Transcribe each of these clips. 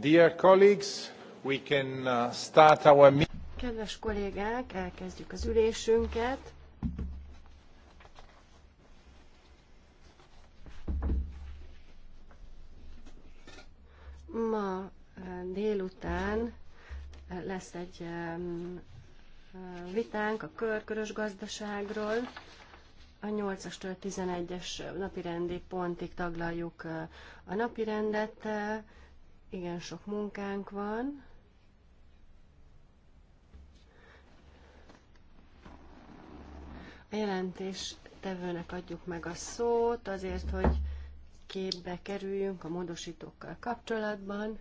Dear colleagues, we can uh, start our meeting. Kedves kollégák, elkezdjük az ülésünket. Ma uh, délután uh, lesz egy um, vitánk a körkörös gazdaságról. A 8-astól 11-es napirendi pontig taglaljuk a napirendet. Igen, sok munkánk van. A jelentés tevőnek adjuk meg a szót azért, hogy képbe kerüljünk a módosítókkal kapcsolatban.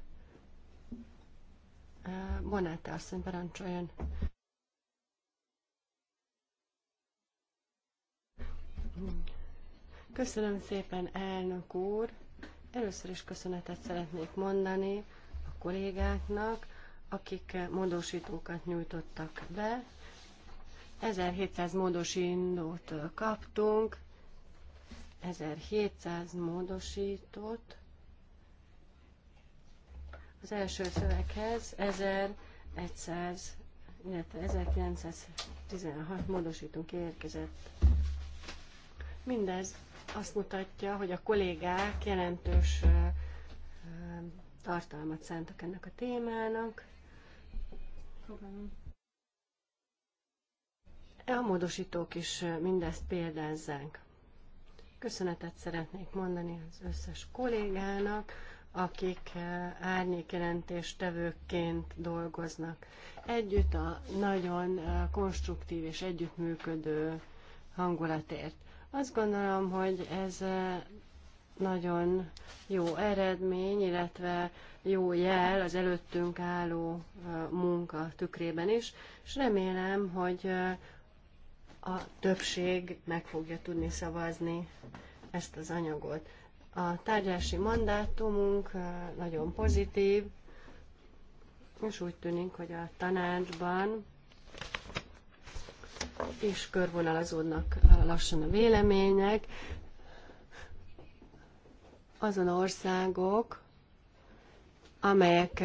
Bonáta asszony parancsoljon. Köszönöm szépen, elnök úr. Először is köszönetet szeretnék mondani a kollégáknak, akik módosítókat nyújtottak be. 1700 módosítót kaptunk, 1700 módosítót. Az első szöveghez 1100, illetve 1916 módosítunk érkezett. Mindez azt mutatja, hogy a kollégák jelentős tartalmat szántak ennek a témának. A módosítók is mindezt példázzák. Köszönetet szeretnék mondani az összes kollégának, akik árnyékjelentéstevőként dolgoznak. Együtt a nagyon konstruktív és együttműködő hangulatért. Azt gondolom, hogy ez nagyon jó eredmény, illetve jó jel az előttünk álló munka tükrében is, és remélem, hogy a többség meg fogja tudni szavazni ezt az anyagot. A tárgyalási mandátumunk nagyon pozitív, és úgy tűnik, hogy a tanácsban és körvonalazódnak lassan a vélemények. Azon országok, amelyek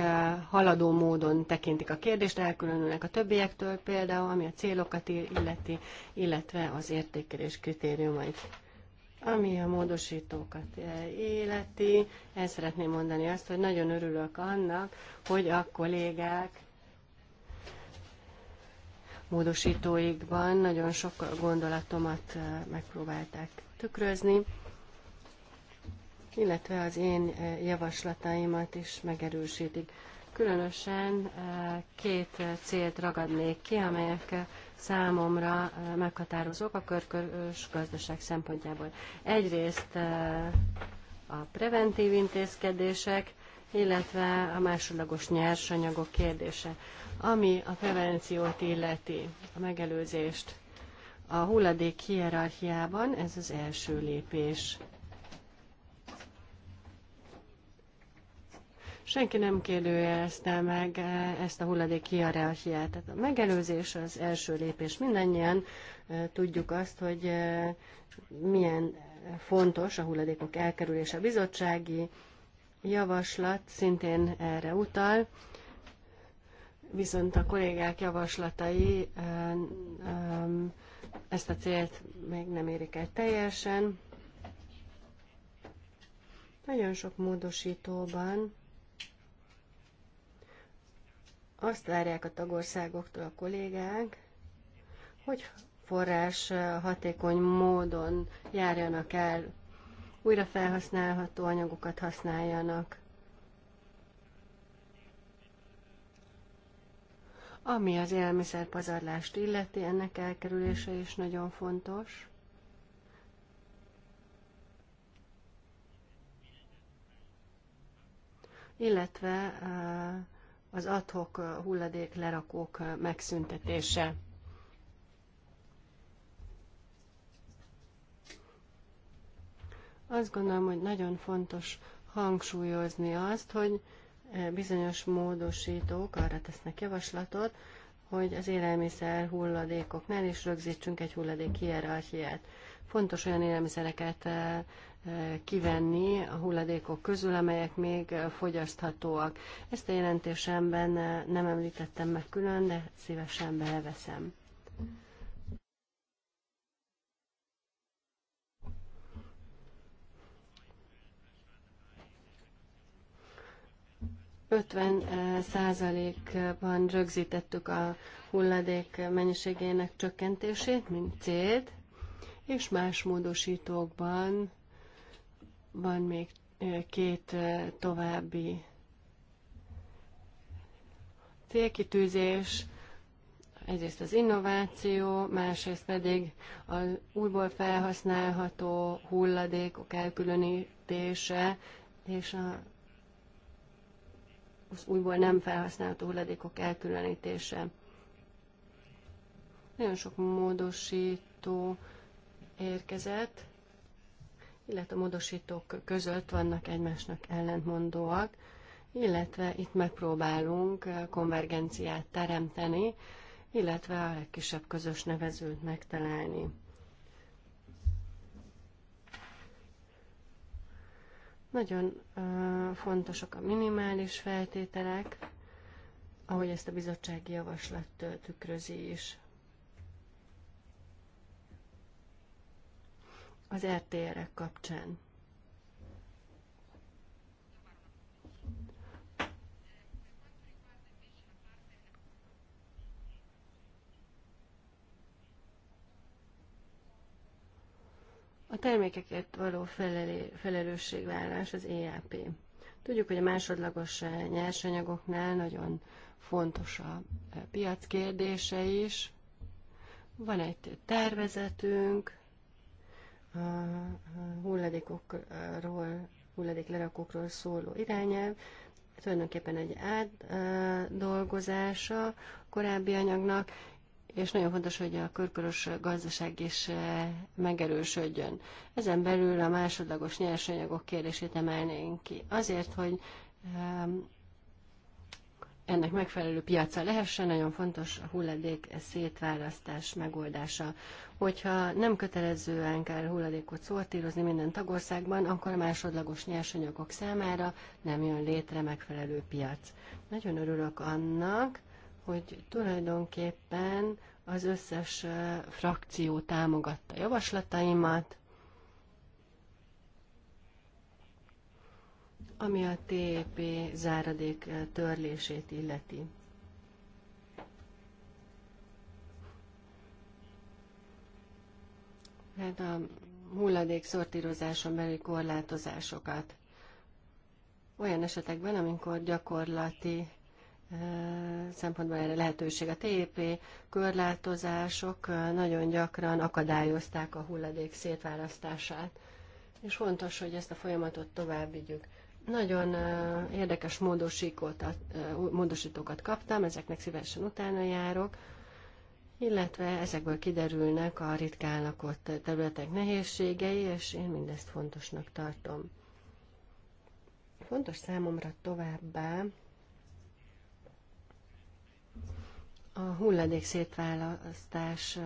haladó módon tekintik a kérdést, elkülönülnek a többiektől például, ami a célokat illeti, illetve az értékelés kritériumait. Ami a módosítókat életi, el szeretném mondani azt, hogy nagyon örülök annak, hogy a kollégák módosítóikban nagyon sok gondolatomat megpróbálták tükrözni, illetve az én javaslataimat is megerősítik. Különösen két célt ragadnék ki, amelyek számomra meghatározók a körkörös gazdaság szempontjából. Egyrészt a preventív intézkedések, illetve a másodlagos nyersanyagok kérdése. Ami a prevenciót illeti, a megelőzést, a hulladék hierarchiában ez az első lépés. Senki nem kérdőjelezte meg eh, ezt a hulladék hierarchiát. Tehát a megelőzés az első lépés. Mindannyian eh, tudjuk azt, hogy eh, milyen fontos a hulladékok elkerülése. A bizottsági javaslat szintén erre utal viszont a kollégák javaslatai ezt a célt még nem érik el teljesen. Nagyon sok módosítóban azt várják a tagországoktól a kollégák, hogy forrás hatékony módon járjanak el, újra felhasználható anyagokat használjanak, Ami az élelmiszerpazarlást illeti, ennek elkerülése is nagyon fontos. Illetve eh, az adhok hulladék lerakók megszüntetése. Azt gondolom, hogy nagyon fontos hangsúlyozni azt, hogy Bizonyos módosítók arra tesznek javaslatot, hogy az élelmiszer hulladékoknál is rögzítsünk egy hulladék hierarchiát. Fontos olyan élelmiszereket eh, eh, kivenni a hulladékok közül, amelyek még fogyaszthatóak. Ezt a jelentésemben eh, nem említettem meg külön, de szívesen beleveszem. 50%-ban rögzítettük a hulladék mennyiségének csökkentését, mint célt, és más módosítókban van még két további célkitűzés, egyrészt az innováció, másrészt pedig az újból felhasználható hulladékok elkülönítése és a az újból nem felhasználható hulladékok elkülönítése. Nagyon sok módosító érkezett, illetve a módosítók között vannak egymásnak ellentmondóak, illetve itt megpróbálunk konvergenciát teremteni, illetve a legkisebb közös nevezőt megtalálni. Nagyon fontosak a minimális feltételek, ahogy ezt a bizottsági javaslat tükrözi is. Az RTR-ek kapcsán. A termékeket való felelé, felelősségvállás az EAP. Tudjuk, hogy a másodlagos eh, nyersanyagoknál nagyon fontos a eh, piac kérdése is. Van egy tervezetünk, a hulladékokról, hulladéklerakókról szóló irányelv, tulajdonképpen egy átdolgozása korábbi anyagnak, és nagyon fontos, hogy a körkörös gazdaság is eh, megerősödjön. Ezen belül a másodlagos nyersanyagok kérdését emelnénk ki. Azért, hogy ennek megfelelő piaca lehessen, nagyon fontos a hulladék szétválasztás megoldása. Hogyha nem kötelezően kell hulladékot szortírozni minden tagországban, akkor a másodlagos nyersanyagok számára nem jön létre megfelelő piac. Nagyon örülök annak, hogy tulajdonképpen az összes frakció támogatta javaslataimat, ami a TEP záradék törlését illeti. Hát a hulladék szortírozáson belül korlátozásokat. Olyan esetekben, amikor gyakorlati szempontból erre lehetőség. A TEP körlátozások nagyon gyakran akadályozták a hulladék szétválasztását, és fontos, hogy ezt a folyamatot tovább vigyük. Nagyon érdekes módosítókat kaptam, ezeknek szívesen utána járok, illetve ezekből kiderülnek a ritkán lakott területek nehézségei, és én mindezt fontosnak tartom. Fontos számomra továbbá, A hulladék szétválasztás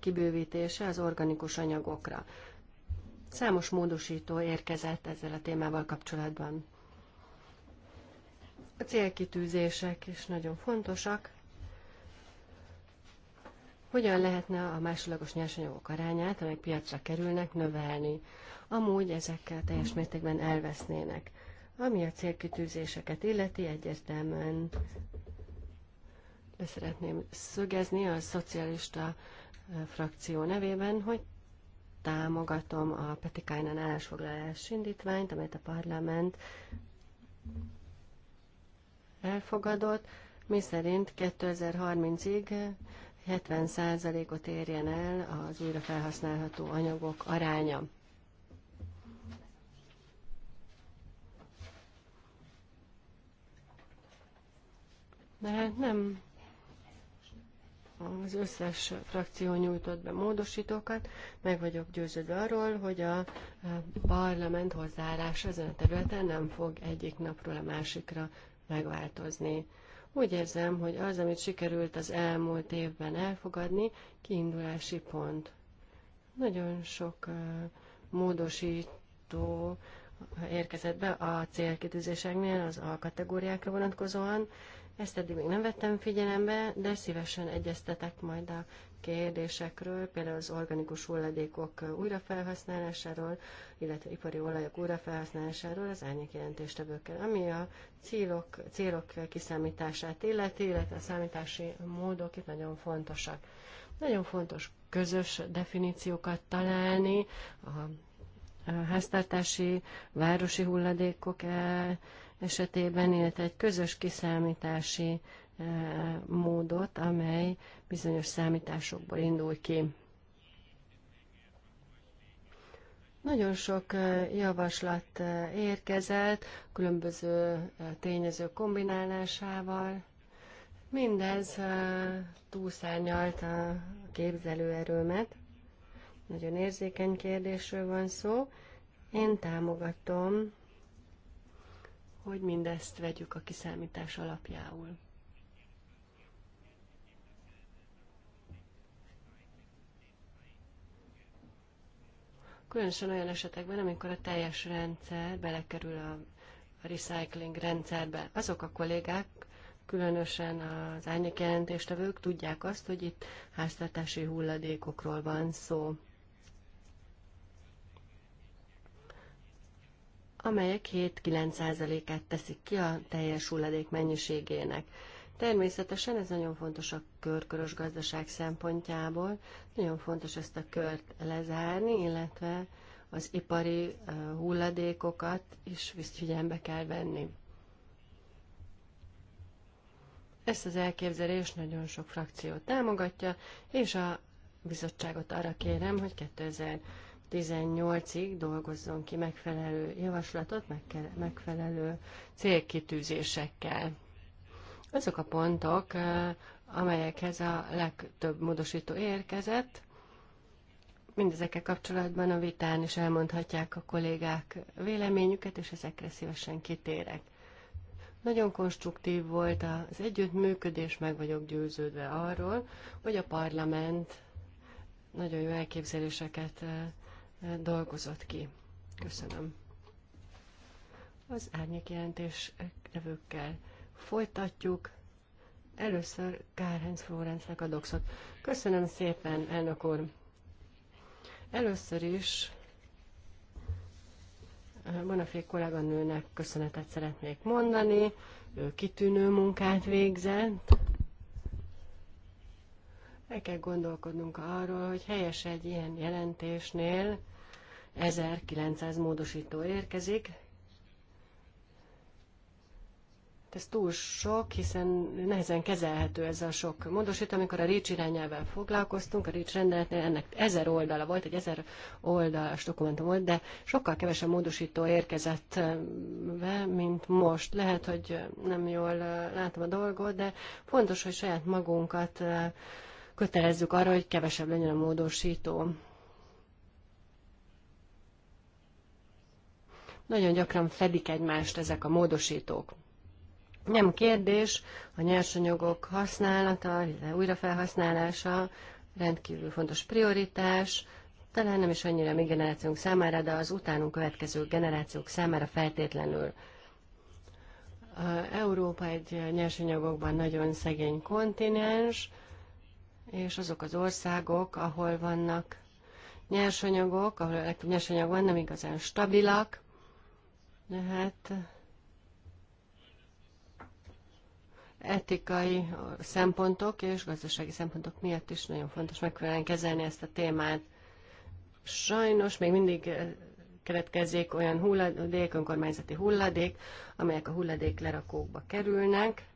kibővítése az organikus anyagokra. Számos módosító érkezett ezzel a témával kapcsolatban. A célkitűzések is nagyon fontosak. Hogyan lehetne a másodlagos nyersanyagok arányát, amelyek piacra kerülnek, növelni? Amúgy ezekkel teljes mértékben elvesznének. Ami a célkitűzéseket illeti, egyértelműen szeretném szögezni a szocialista eh, frakció nevében, hogy támogatom a Petikájnán állásfoglalás indítványt, amelyet a parlament elfogadott, mi szerint 2030-ig 70%-ot érjen el az újra felhasználható anyagok aránya. Mert hát nem az összes frakció nyújtott be módosítókat, meg vagyok győződve arról, hogy a parlament hozzáállás ezen a területen nem fog egyik napról a másikra megváltozni. Úgy érzem, hogy az, amit sikerült az elmúlt évben elfogadni, kiindulási pont. Nagyon sok módosító érkezett be a célkitűzéseknél az alkategóriákra vonatkozóan, ezt eddig még nem vettem figyelembe, de szívesen egyeztetek majd a kérdésekről, például az organikus hulladékok újrafelhasználásáról, illetve ipari olajok újrafelhasználásáról az árnyék jelentéstevőkkel, ami a célok, célok kiszámítását illeti, illetve a számítási módok itt nagyon fontosak. Nagyon fontos közös definíciókat találni a háztartási, városi hulladékok eh, esetében, illetve egy közös kiszámítási eh, módot, amely bizonyos számításokból indul ki. Nagyon sok eh, javaslat eh, érkezett, különböző tényezők kombinálásával. Mindez túlszárnyalt a képzelőerőmet. Nagyon érzékeny kérdésről van szó. Én támogatom hogy mindezt vegyük a kiszámítás alapjául. Különösen olyan esetekben, amikor a teljes rendszer belekerül a recycling rendszerbe. Azok a kollégák, különösen az árnyékjelentéstevők tudják azt, hogy itt háztartási hulladékokról van szó. amelyek 7-9%-át teszik ki a teljes hulladék mennyiségének. Természetesen ez nagyon fontos a körkörös gazdaság szempontjából, nagyon fontos ezt a kört lezárni, illetve az ipari hulladékokat is figyelembe kell venni. Ezt az elképzelést nagyon sok frakció támogatja, és a bizottságot arra kérem, hogy 2000 18-ig dolgozzon ki megfelelő javaslatot, megfelelő célkitűzésekkel. Azok a pontok, amelyekhez a legtöbb módosító érkezett, mindezekkel kapcsolatban a vitán is elmondhatják a kollégák véleményüket, és ezekre szívesen kitérek. Nagyon konstruktív volt az együttműködés, meg vagyok győződve arról, hogy a parlament nagyon jó elképzeléseket dolgozott ki. Köszönöm. Az árnyék jelentés levőkkel folytatjuk. Először Kárhenc Florencnek a doxot. Köszönöm szépen, elnök úr. Először is eh, Bonafék kolléganőnek köszönetet szeretnék mondani. Ő kitűnő munkát végzett el kell gondolkodnunk arról, hogy helyes egy ilyen jelentésnél 1900 módosító érkezik. Ez túl sok, hiszen nehezen kezelhető ez a sok módosító. Amikor a RICS irányával foglalkoztunk, a RICS rendeletnél ennek ezer oldala volt, egy ezer oldalas dokumentum volt, de sokkal kevesebb módosító érkezett be, mint most. Lehet, hogy nem jól eh, látom a dolgot, de fontos, hogy saját magunkat eh, kötelezzük arra, hogy kevesebb legyen a módosító. Nagyon gyakran fedik egymást ezek a módosítók. Nem kérdés, a nyersanyagok használata, újrafelhasználása rendkívül fontos prioritás, talán nem is annyira mi generációnk számára, de az utánunk következő generációk számára feltétlenül. Európa egy nyersanyagokban nagyon szegény kontinens, és azok az országok, ahol vannak nyersanyagok, ahol a legtöbb nyersanyag van, nem igazán stabilak, de hát etikai szempontok és gazdasági szempontok miatt is nagyon fontos megfelelően kezelni ezt a témát. Sajnos még mindig eh, keletkezzék olyan hulladék, önkormányzati hulladék, amelyek a hulladék lerakókba kerülnek,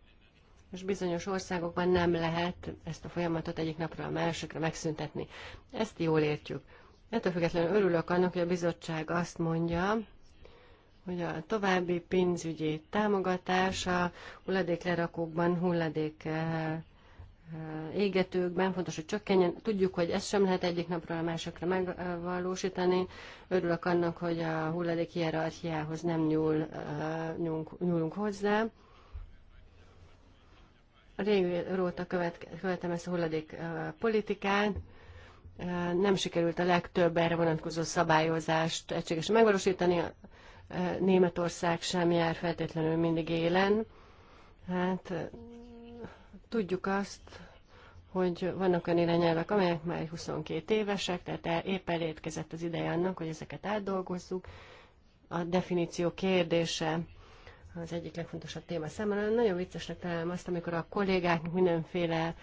és bizonyos országokban nem lehet ezt a folyamatot egyik napról a másikra megszüntetni. Ezt jól értjük. Ettől függetlenül örülök annak, hogy a bizottság azt mondja, hogy a további pénzügyi támogatása hulladéklerakókban, hulladék eh, eh, égetőkben, fontos, hogy csökkenjen. Tudjuk, hogy ezt sem lehet egyik napról a másokra megvalósítani. Örülök annak, hogy a hulladék hierarchiához nem nyúl, eh, nyúlunk, nyúlunk hozzá. Régóta követem ezt a hulladék politikát, nem sikerült a legtöbb erre vonatkozó szabályozást egységesen megvalósítani. Németország sem jár feltétlenül mindig élen. Hát tudjuk azt, hogy vannak olyan irányelvek, amelyek már 22 évesek, tehát épp elétkezett az ideje annak, hogy ezeket átdolgozzuk. A definíció kérdése az egyik legfontosabb téma számára. Nagyon viccesnek találom azt, amikor a kollégák mindenféle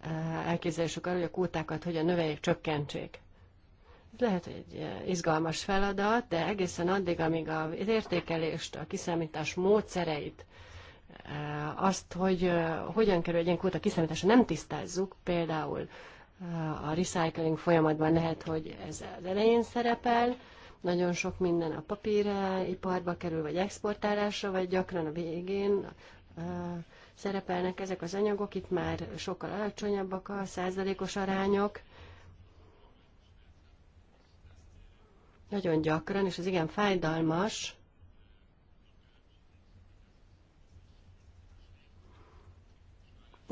eh, elképzelésük arra, hogy a kótákat hogyan növeljék, csökkentsék. Ez lehet egy eh, izgalmas feladat, de egészen addig, amíg az értékelést, a kiszámítás módszereit, eh, azt, hogy hogyan kerül egy ilyen kóta kiszámítása, nem tisztázzuk, például a recycling folyamatban lehet, hogy ez az elején szerepel, nagyon sok minden a papírra, iparba kerül, vagy exportálásra, vagy gyakran a végén szerepelnek ezek az anyagok, itt már sokkal alacsonyabbak a százalékos arányok. Nagyon gyakran, és ez igen fájdalmas,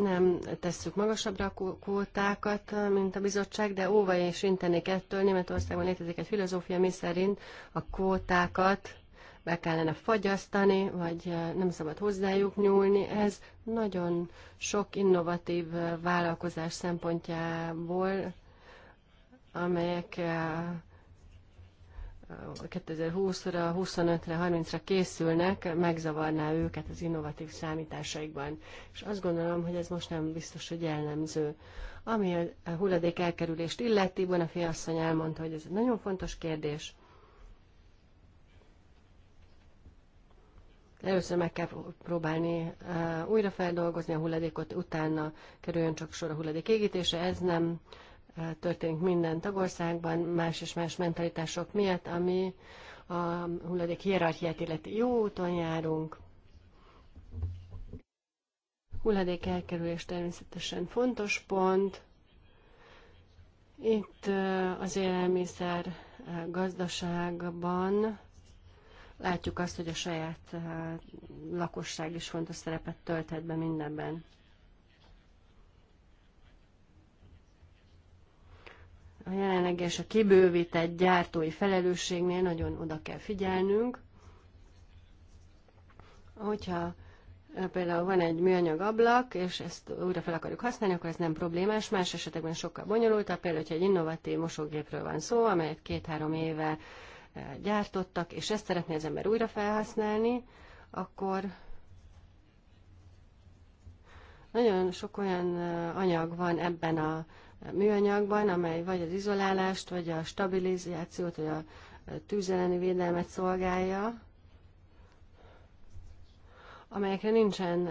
nem tesszük magasabbra a kvótákat, mint a bizottság, de óva és intenék ettől. Németországban létezik egy filozófia, mi szerint a kvótákat be kellene fagyasztani, vagy nem szabad hozzájuk nyúlni. Ez nagyon sok innovatív vállalkozás szempontjából, amelyek 2020-ra, 25-re, 30-ra készülnek, megzavarná őket az innovatív számításaikban. És azt gondolom, hogy ez most nem biztos, hogy jellemző. Ami a hulladék elkerülést illeti, a fiasszony elmondta, hogy ez egy nagyon fontos kérdés. Először meg kell próbálni uh, újra feldolgozni a hulladékot, utána kerüljön csak sor a hulladék égítése. Ez nem uh, történik minden tagországban, más és más mentalitások miatt, ami a hulladék hierarchiát illeti jó úton járunk. Hulladék elkerülés természetesen fontos pont. Itt az élelmiszer gazdaságban látjuk azt, hogy a saját lakosság is fontos szerepet tölthet be mindenben. a jelenleg és a kibővített gyártói felelősségnél nagyon oda kell figyelnünk, hogyha eh, például van egy műanyag ablak, és ezt újra fel akarjuk használni, akkor ez nem problémás. Más esetekben sokkal bonyolultabb, például, hogyha egy innovatív mosógépről van szó, amelyet két-három éve eh, gyártottak, és ezt szeretné az ember újra felhasználni, akkor nagyon sok olyan anyag van ebben a műanyagban, amely vagy az izolálást, vagy a stabilizációt, vagy a tűzeleni védelmet szolgálja, amelyekre nincsen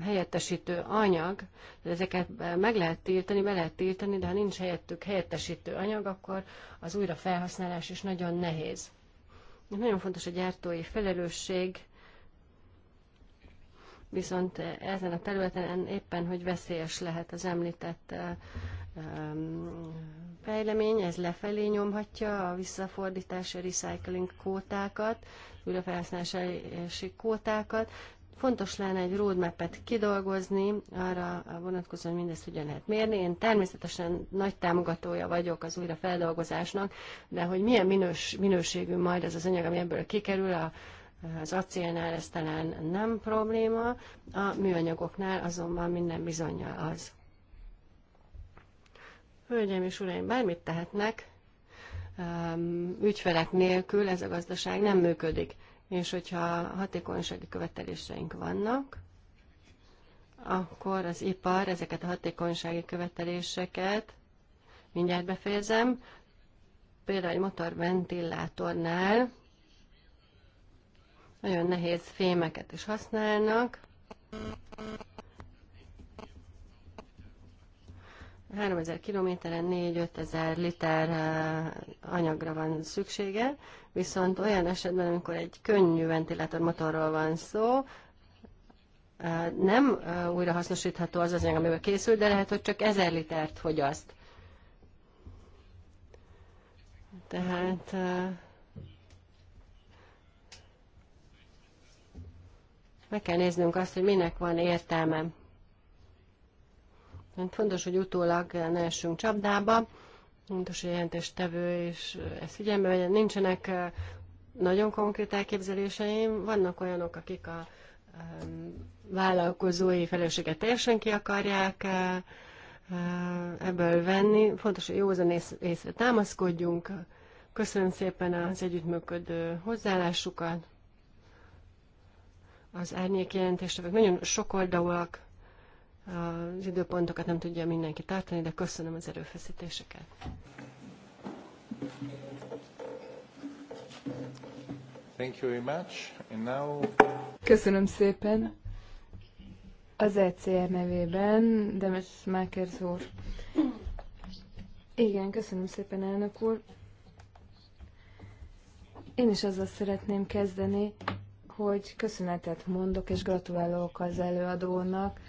helyettesítő anyag, ezeket meg lehet tiltani, be lehet tiltani, de ha nincs helyettük helyettesítő anyag, akkor az újrafelhasználás is nagyon nehéz. Nagyon fontos a gyártói felelősség, viszont eh, ezen a területen éppen, hogy veszélyes lehet az említett eh, fejlemény, ez lefelé nyomhatja a visszafordítási recycling kótákat, újrafelhasználási kótákat. Fontos lenne egy roadmap-et kidolgozni, arra vonatkozóan mindezt ugyan lehet mérni. Én természetesen nagy támogatója vagyok az újrafeldolgozásnak, de hogy milyen minős, minőségű majd ez az anyag, ami ebből kikerül a az acélnál ez talán nem probléma, a műanyagoknál azonban minden bizonyja az. Hölgyeim és uraim, bármit tehetnek, um, ügyfelek nélkül ez a gazdaság nem működik. És hogyha hatékonysági követeléseink vannak, akkor az ipar ezeket a hatékonysági követeléseket, mindjárt befejezem, például egy motorventilátornál nagyon nehéz fémeket is használnak. 3000 kilométeren 4-5000 liter eh, anyagra van szüksége, viszont olyan esetben, amikor egy könnyű ventilátor motorról van szó, eh, nem eh, újra hasznosítható az az anyag, amiből készül, de lehet, hogy csak 1000 litert fogyaszt. Tehát Meg kell néznünk azt, hogy minek van értelme. Hát fontos, hogy utólag ne essünk csapdába. Fontos, hogy jelentéstevő és ezt figyelme, hogy nincsenek nagyon konkrét elképzeléseim. Vannak olyanok, akik a vállalkozói felelősséget teljesen ki akarják ebből venni. Fontos, hogy józan észre támaszkodjunk. Köszönöm szépen az együttműködő hozzáállásukat az árnyék jelentéstevők nagyon sok oldalúak, az időpontokat nem tudja mindenki tartani, de köszönöm az erőfeszítéseket. Thank you very much. And now... Köszönöm szépen. Az ECR nevében Demes Mákerz úr. Igen, köszönöm szépen, elnök úr. Én is azzal szeretném kezdeni, hogy köszönetet mondok és gratulálok az előadónak.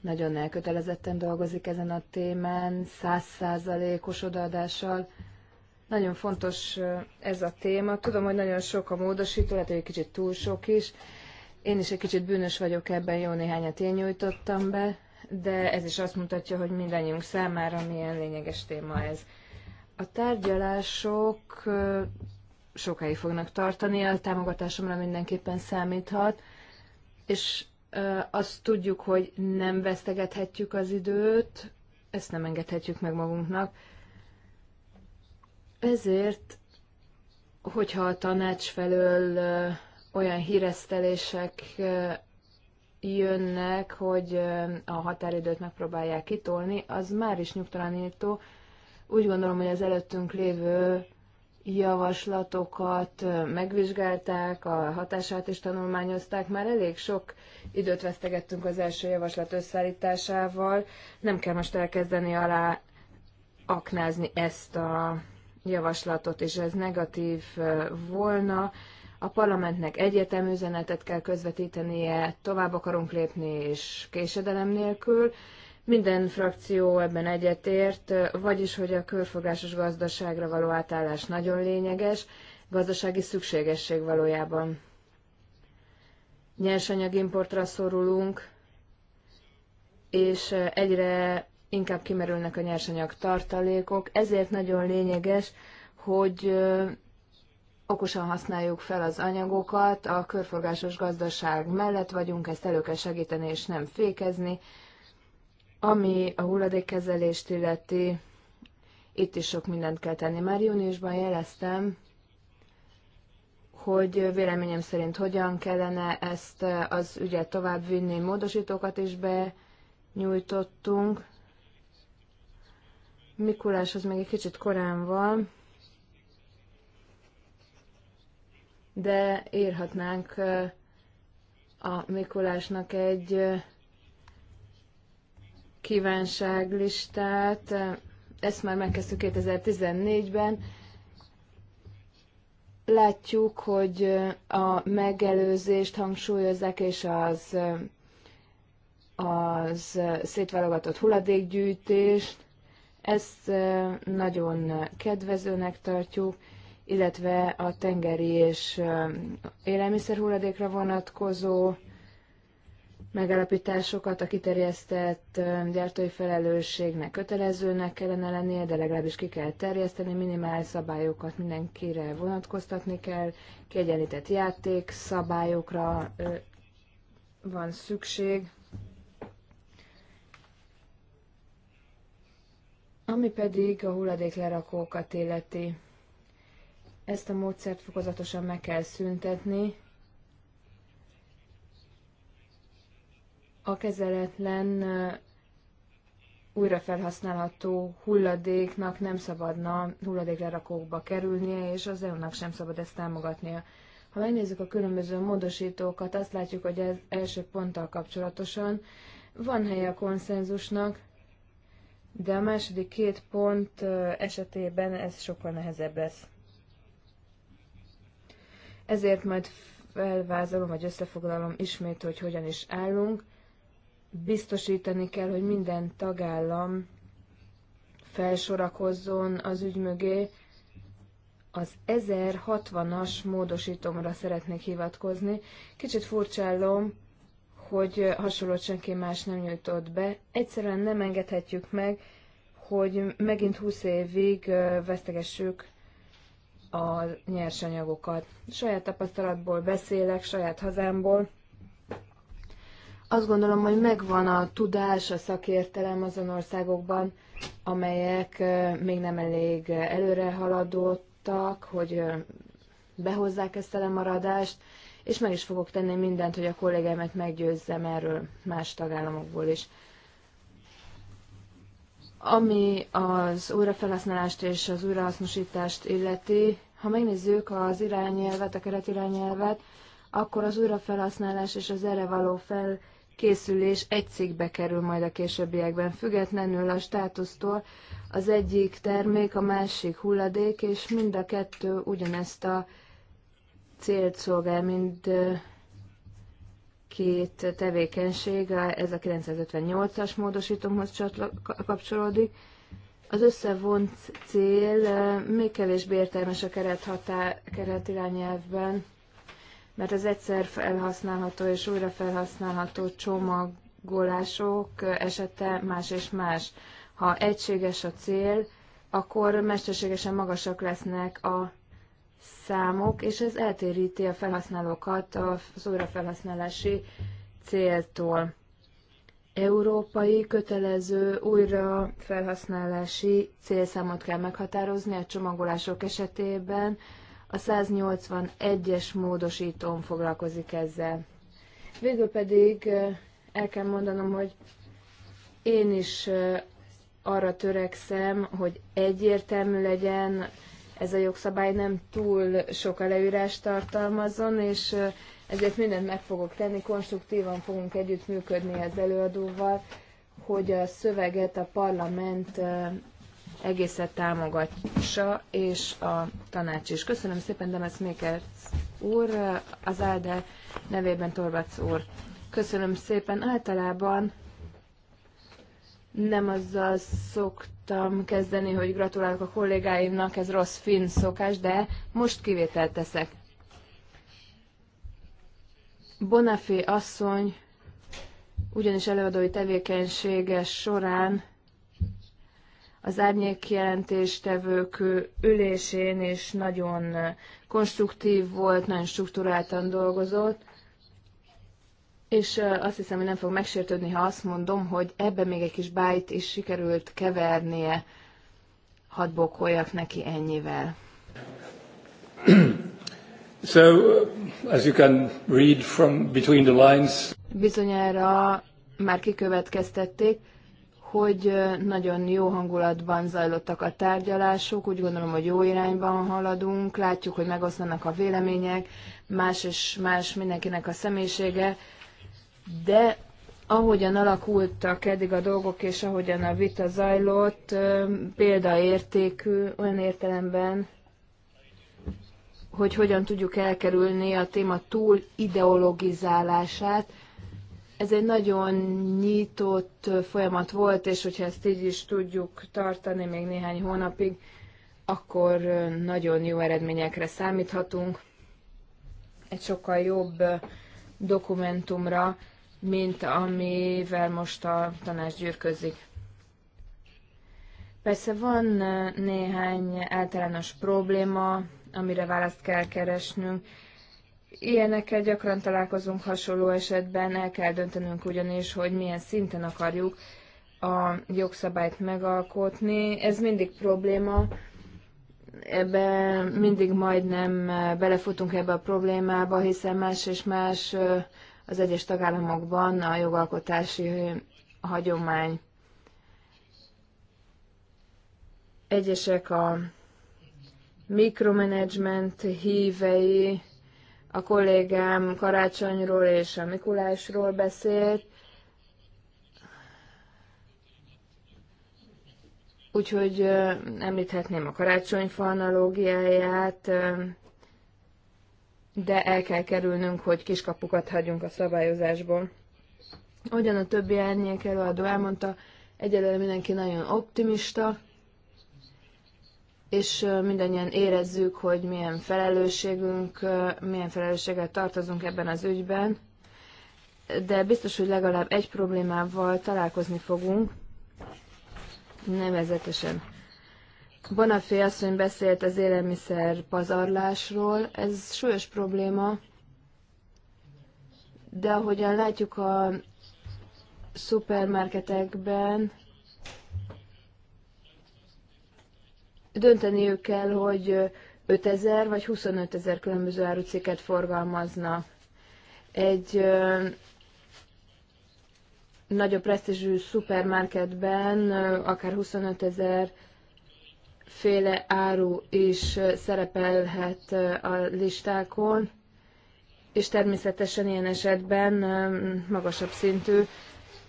Nagyon elkötelezetten dolgozik ezen a témán, százszázalékos odaadással. Nagyon fontos ez a téma. Tudom, hogy nagyon sok a módosító, lehet, hogy egy kicsit túl sok is. Én is egy kicsit bűnös vagyok ebben, jó néhányat én nyújtottam be, de ez is azt mutatja, hogy mindannyiunk számára milyen lényeges téma ez. A tárgyalások sokáig fognak tartani, a támogatásomra mindenképpen számíthat, és azt tudjuk, hogy nem vesztegethetjük az időt, ezt nem engedhetjük meg magunknak. Ezért, hogyha a tanács felől olyan híresztelések jönnek, hogy a határidőt megpróbálják kitolni, az már is nyugtalanító. Úgy gondolom, hogy az előttünk lévő javaslatokat megvizsgálták, a hatását is tanulmányozták. Már elég sok időt vesztegettünk az első javaslat összeállításával. Nem kell most elkezdeni alá aknázni ezt a javaslatot, és ez negatív volna. A parlamentnek egyetem üzenetet kell közvetítenie, tovább akarunk lépni, és késedelem nélkül. Minden frakció ebben egyetért, vagyis hogy a körfogásos gazdaságra való átállás nagyon lényeges, gazdasági szükségesség valójában. Nyersanyagimportra szorulunk, és egyre inkább kimerülnek a nyersanyag tartalékok, ezért nagyon lényeges, hogy okosan használjuk fel az anyagokat, a körforgásos gazdaság mellett vagyunk, ezt elő kell segíteni és nem fékezni, ami a hulladékkezelést illeti, itt is sok mindent kell tenni. Már júniusban jeleztem, hogy véleményem szerint hogyan kellene ezt az ügyet továbbvinni, módosítókat is benyújtottunk. Mikuláshoz még egy kicsit korán van, de írhatnánk a Mikulásnak egy kívánságlistát, ezt már megkezdtük 2014-ben, látjuk, hogy a megelőzést hangsúlyozzák, és az, az szétválogatott hulladékgyűjtést, ezt nagyon kedvezőnek tartjuk, illetve a tengeri és élelmiszerhulladékra vonatkozó megállapításokat, a kiterjesztett gyártói felelősségnek kötelezőnek kellene lennie, de legalábbis ki kell terjeszteni, minimál szabályokat mindenkire vonatkoztatni kell, kiegyenlített játék szabályokra van szükség. Ami pedig a hulladéklerakókat illeti. Ezt a módszert fokozatosan meg kell szüntetni, a kezeletlen újrafelhasználható hulladéknak nem szabadna hulladéklerakókba kerülnie, és az EU-nak sem szabad ezt támogatnia. Ha megnézzük a különböző módosítókat, azt látjuk, hogy ez első ponttal kapcsolatosan van helye a konszenzusnak, de a második két pont esetében ez sokkal nehezebb lesz. Ezért majd felvázolom, vagy összefoglalom ismét, hogy hogyan is állunk biztosítani kell, hogy minden tagállam felsorakozzon az ügy mögé. Az 1060-as módosítomra szeretnék hivatkozni. Kicsit furcsállom, hogy hasonlót senki más nem nyújtott be. Egyszerűen nem engedhetjük meg, hogy megint 20 évig vesztegessük a nyersanyagokat. Saját tapasztalatból beszélek, saját hazámból. Azt gondolom, hogy megvan a tudás, a szakértelem azon országokban, amelyek még nem elég előre haladottak, hogy behozzák ezt a lemaradást, és meg is fogok tenni mindent, hogy a kollégámat meggyőzzem erről más tagállamokból is. Ami az újrafelhasználást és az újrahasznosítást illeti, ha megnézzük az irányelvet, a keretirányelvet, akkor az újrafelhasználás és az erre való fel készülés egy cikkbe kerül majd a későbbiekben, függetlenül a státusztól. Az egyik termék, a másik hulladék, és mind a kettő ugyanezt a célt szolgál, mind két tevékenység, ez a 958-as módosítomhoz kapcsolódik. Az összevont cél még kevésbé értelmes a kerethatá, keretirányelvben, mert az egyszer felhasználható és újra felhasználható csomagolások esete más és más. Ha egységes a cél, akkor mesterségesen magasak lesznek a számok, és ez eltéríti a felhasználókat az újrafelhasználási céltól. Európai kötelező újrafelhasználási célszámot kell meghatározni a csomagolások esetében, a 181-es módosítón foglalkozik ezzel. Végül pedig el kell mondanom, hogy én is arra törekszem, hogy egyértelmű legyen, ez a jogszabály nem túl sok leírást tartalmazon, és ezért mindent meg fogok tenni, konstruktívan fogunk együttműködni az előadóval, hogy a szöveget a parlament egészet támogatsa, és a tanács is. Köszönöm szépen, Demetsz Mékerc úr, az Álde nevében Torbac úr. Köszönöm szépen. Általában nem azzal szoktam kezdeni, hogy gratulálok a kollégáimnak, ez rossz finn szokás, de most kivételt teszek. Bonafé asszony ugyanis előadói tevékenysége során az árnyék jelentéstevők ülésén is nagyon konstruktív volt, nagyon struktúráltan dolgozott, és azt hiszem, hogy nem fog megsértődni, ha azt mondom, hogy ebbe még egy kis bájt is sikerült kevernie, hadd bokoljak neki ennyivel. So, uh, as you can read from between the lines... Bizonyára már kikövetkeztették, hogy nagyon jó hangulatban zajlottak a tárgyalások, úgy gondolom, hogy jó irányban haladunk, látjuk, hogy megoszlanak a vélemények, más és más mindenkinek a személyisége, de ahogyan alakultak eddig a dolgok, és ahogyan a vita zajlott, példaértékű olyan értelemben, hogy hogyan tudjuk elkerülni a téma túl ideologizálását, ez egy nagyon nyitott folyamat volt, és hogyha ezt így is tudjuk tartani még néhány hónapig, akkor nagyon jó eredményekre számíthatunk. Egy sokkal jobb dokumentumra, mint amivel most a tanács gyűrközik. Persze van néhány általános probléma, amire választ kell keresnünk, Ilyenekkel gyakran találkozunk hasonló esetben, el kell döntenünk ugyanis, hogy milyen szinten akarjuk a jogszabályt megalkotni. Ez mindig probléma, ebbe mindig majdnem eh, belefutunk ebbe a problémába, hiszen más és más eh, az egyes tagállamokban a jogalkotási eh, hagyomány. Egyesek a mikromanagement hívei, a kollégám karácsonyról és a Mikulásról beszélt, Úgyhogy említhetném a karácsonyfa analógiáját, de el kell kerülnünk, hogy kiskapukat hagyjunk a szabályozásból. Ugyan a többi árnyék előadó elmondta, egyelőre mindenki nagyon optimista, és mindannyian érezzük, hogy milyen felelősségünk, milyen felelősséggel tartozunk ebben az ügyben, de biztos, hogy legalább egy problémával találkozni fogunk, nevezetesen. Bonafé asszony beszélt az élelmiszer pazarlásról, ez súlyos probléma, de ahogyan látjuk a szupermarketekben, dönteniük kell, hogy 5000 vagy 25 ezer különböző árucikket forgalmazna Egy nagyobb presztízsű szupermarketben akár 25 ezer féle áru is szerepelhet a listákon, és természetesen ilyen esetben magasabb szintű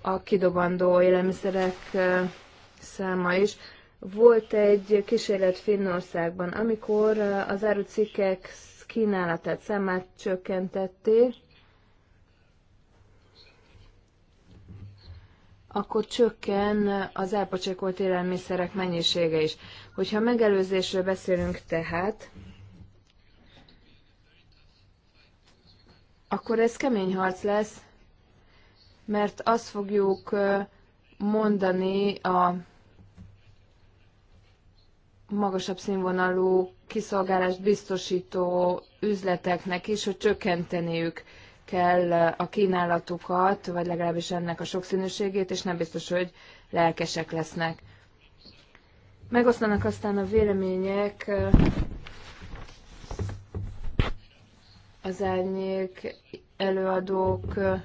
a kidobandó élelmiszerek száma is. Volt egy kísérlet Finnországban, amikor uh, az árucikkek kínálatát, számát csökkentették, akkor csökken az elpocsékolt élelmiszerek mennyisége is. Hogyha megelőzésről beszélünk tehát, akkor ez kemény harc lesz, mert azt fogjuk uh, mondani a magasabb színvonalú kiszolgálást biztosító üzleteknek is, hogy csökkenteniük kell a kínálatukat, vagy legalábbis ennek a sokszínűségét, és nem biztos, hogy lelkesek lesznek. Megosztanak aztán a vélemények eh, az árnyék előadók eh,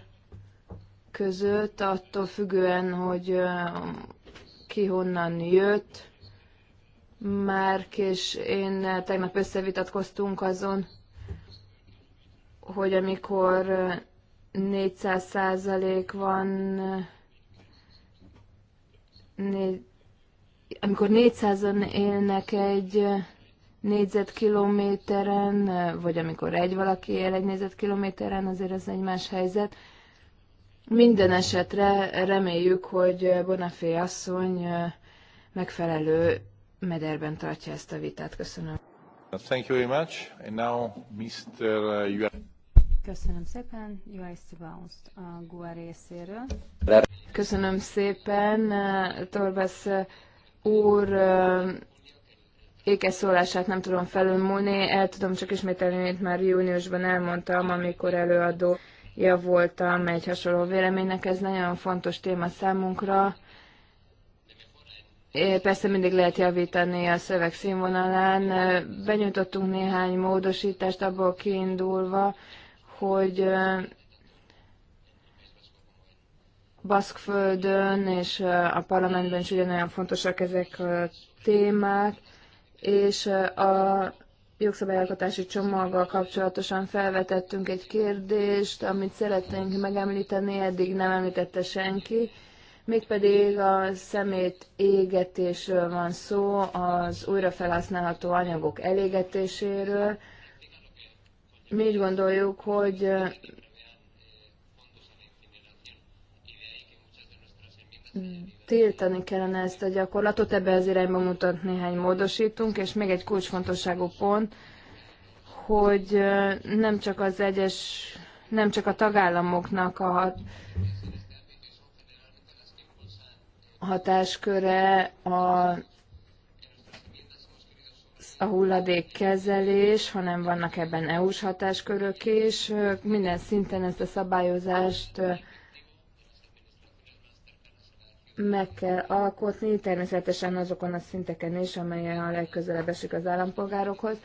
között, attól függően, hogy eh, ki honnan jött, Márk és én tegnap összevitatkoztunk azon, hogy amikor 400 százalék van, né, amikor 400-an élnek egy négyzetkilométeren, vagy amikor egy valaki él egy négyzetkilométeren, azért ez egy más helyzet. Minden esetre reméljük, hogy Bonafé asszony megfelelő mederben tartja ezt a vitát. Köszönöm. Thank you very much. And now Mr. Uh, Köszönöm szépen, Joyce Bounce a GUA részéről. Köszönöm szépen, uh, Torbasz uh, úr ékeszólását nem tudom felülmúlni, el tudom csak ismételni, amit már júniusban elmondtam, amikor előadója voltam egy hasonló véleménynek. Ez nagyon fontos téma számunkra. Persze mindig lehet javítani a szöveg színvonalán. Benyújtottunk néhány módosítást abból kiindulva, hogy Baszkföldön és a parlamentben is ugyanolyan fontosak ezek a témák, és a jogszabályalkotási csomaggal kapcsolatosan felvetettünk egy kérdést, amit szeretnénk megemlíteni, eddig nem említette senki mégpedig a szemét égetésről van szó, az újrafelhasználható anyagok elégetéséről. Mi így gondoljuk, hogy mm, tiltani kellene ezt a gyakorlatot, ebbe az irányba mutat néhány módosítunk, és még egy kulcsfontosságú pont, hogy nem csak az egyes, nem csak a tagállamoknak a hatásköre a, a hulladék kezelés, hanem vannak ebben EU-s hatáskörök is. Minden szinten ezt a szabályozást meg kell alkotni, természetesen azokon a szinteken is, amelyen a legközelebb esik az állampolgárokhoz.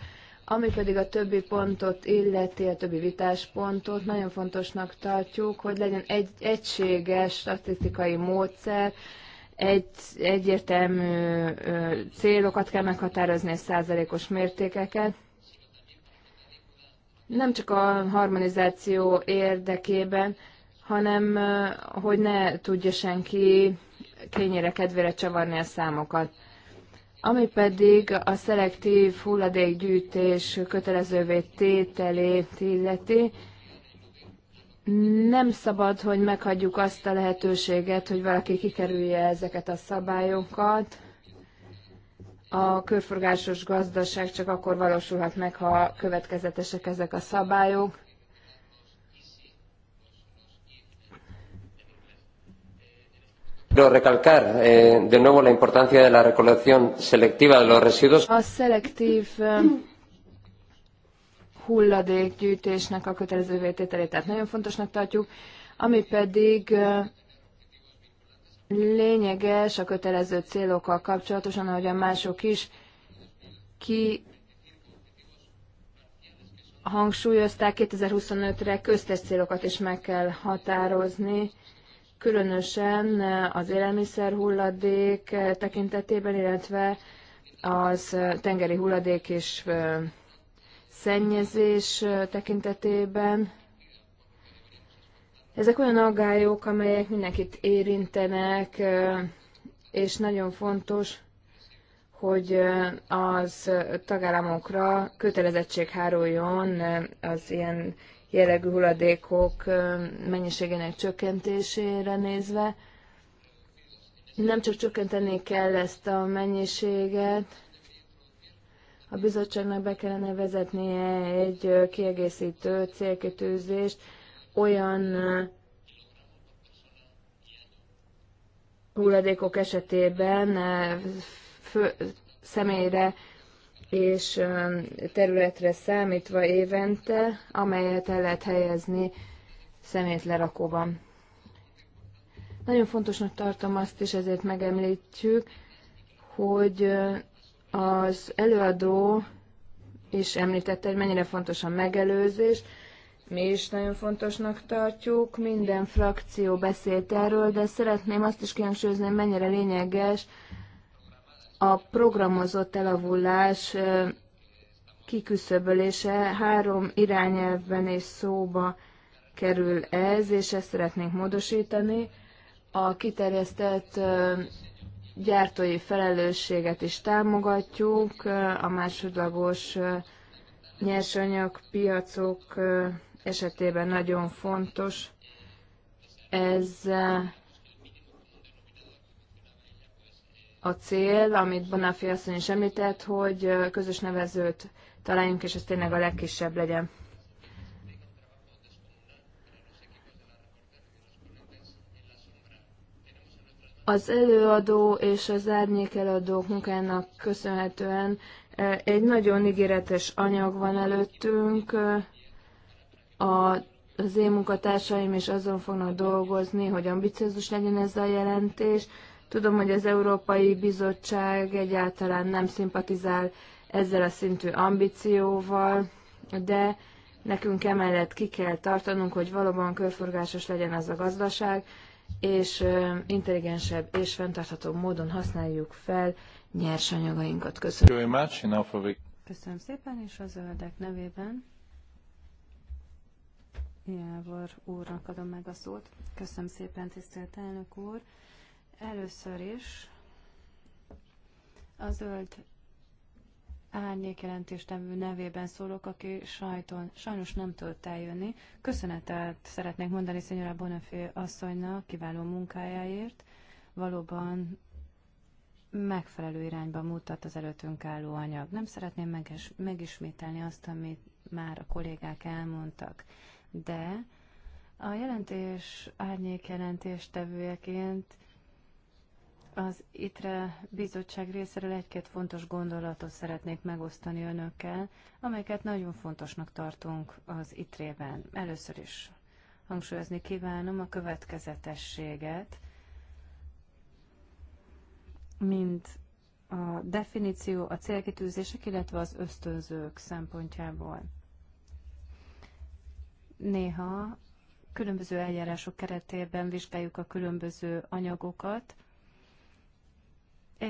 Ami pedig a többi pontot illeti, a többi vitáspontot, nagyon fontosnak tartjuk, hogy legyen egy egységes statisztikai módszer, egy, egyértelmű célokat kell meghatározni, és százalékos mértékeket. Nem csak a harmonizáció érdekében, hanem hogy ne tudja senki kényére kedvére csavarni a számokat. Ami pedig a szelektív hulladékgyűjtés kötelezővé tételét illeti, nem szabad, hogy meghagyjuk azt a lehetőséget, hogy valaki kikerülje ezeket a szabályokat. A körforgásos gazdaság csak akkor valósulhat meg, ha következetesek ezek a szabályok. recalcar eh, de nuevo la importancia de la recolección selectiva de los residuos. A selective eh, hulladékgyűjtésnek a kötelező vétételét, tehát nagyon fontosnak tartjuk, ami pedig lényeges a kötelező célokkal kapcsolatosan, a mások is ki hangsúlyozták, 2025-re köztes célokat is meg kell határozni, különösen az élelmiszer hulladék tekintetében, illetve az tengeri hulladék és szennyezés tekintetében. Ezek olyan aggályok, amelyek mindenkit érintenek, és nagyon fontos, hogy az tagállamokra kötelezettség háruljon az ilyen jellegű hulladékok mennyiségének csökkentésére nézve. Nem csak csökkenteni kell ezt a mennyiséget, a bizottságnak be kellene vezetnie egy kiegészítő célkitűzést, olyan hulladékok esetében fő, személyre és területre számítva évente, amelyet el lehet helyezni lerakóban. Nagyon fontosnak tartom azt is, ezért megemlítjük, hogy az előadó is említette, hogy mennyire fontos a megelőzés. Mi is nagyon fontosnak tartjuk, minden frakció beszélt erről, de szeretném azt is kihangsúlyozni, mennyire lényeges a programozott elavulás kiküszöbölése. Három irányelvben és szóba kerül ez, és ezt szeretnénk módosítani. A kiterjesztett gyártói felelősséget is támogatjuk, a másodlagos nyersanyag piacok esetében nagyon fontos. Ez a cél, amit Bonafi asszony is említett, hogy közös nevezőt találjunk, és ez tényleg a legkisebb legyen. Az előadó és az árnyék előadók munkának köszönhetően e, egy nagyon ígéretes anyag van előttünk. E, a az én munkatársaim is azon fognak dolgozni, hogy ambiciózus legyen ez a jelentés. Tudom, hogy az Európai Bizottság egyáltalán nem szimpatizál ezzel a szintű ambícióval, de nekünk emellett ki kell tartanunk, hogy valóban körforgásos legyen az a gazdaság, és intelligensebb és fenntartható módon használjuk fel nyersanyagainkat. Köszönöm. Köszönöm szépen, és a zöldek nevében Jávor úrnak adom meg a szót. Köszönöm szépen, tisztelt elnök úr. Először is a zöld árnyékjelentéstevő nevében szólok, aki sajton, sajnos nem tudott eljönni. Köszönetet szeretnék mondani Szenyora Bonafé asszonynak kiváló munkájáért. Valóban megfelelő irányba mutat az előttünk álló anyag. Nem szeretném meges, megismételni azt, amit már a kollégák elmondtak, de a jelentés árnyék jelentéstevőjeként az ITRE bizottság részéről egy-két fontos gondolatot szeretnék megosztani önökkel, amelyeket nagyon fontosnak tartunk az ITRE-ben. Először is hangsúlyozni kívánom a következetességet, mint a definíció, a célkitűzések, illetve az ösztönzők szempontjából. Néha különböző eljárások keretében vizsgáljuk a különböző anyagokat,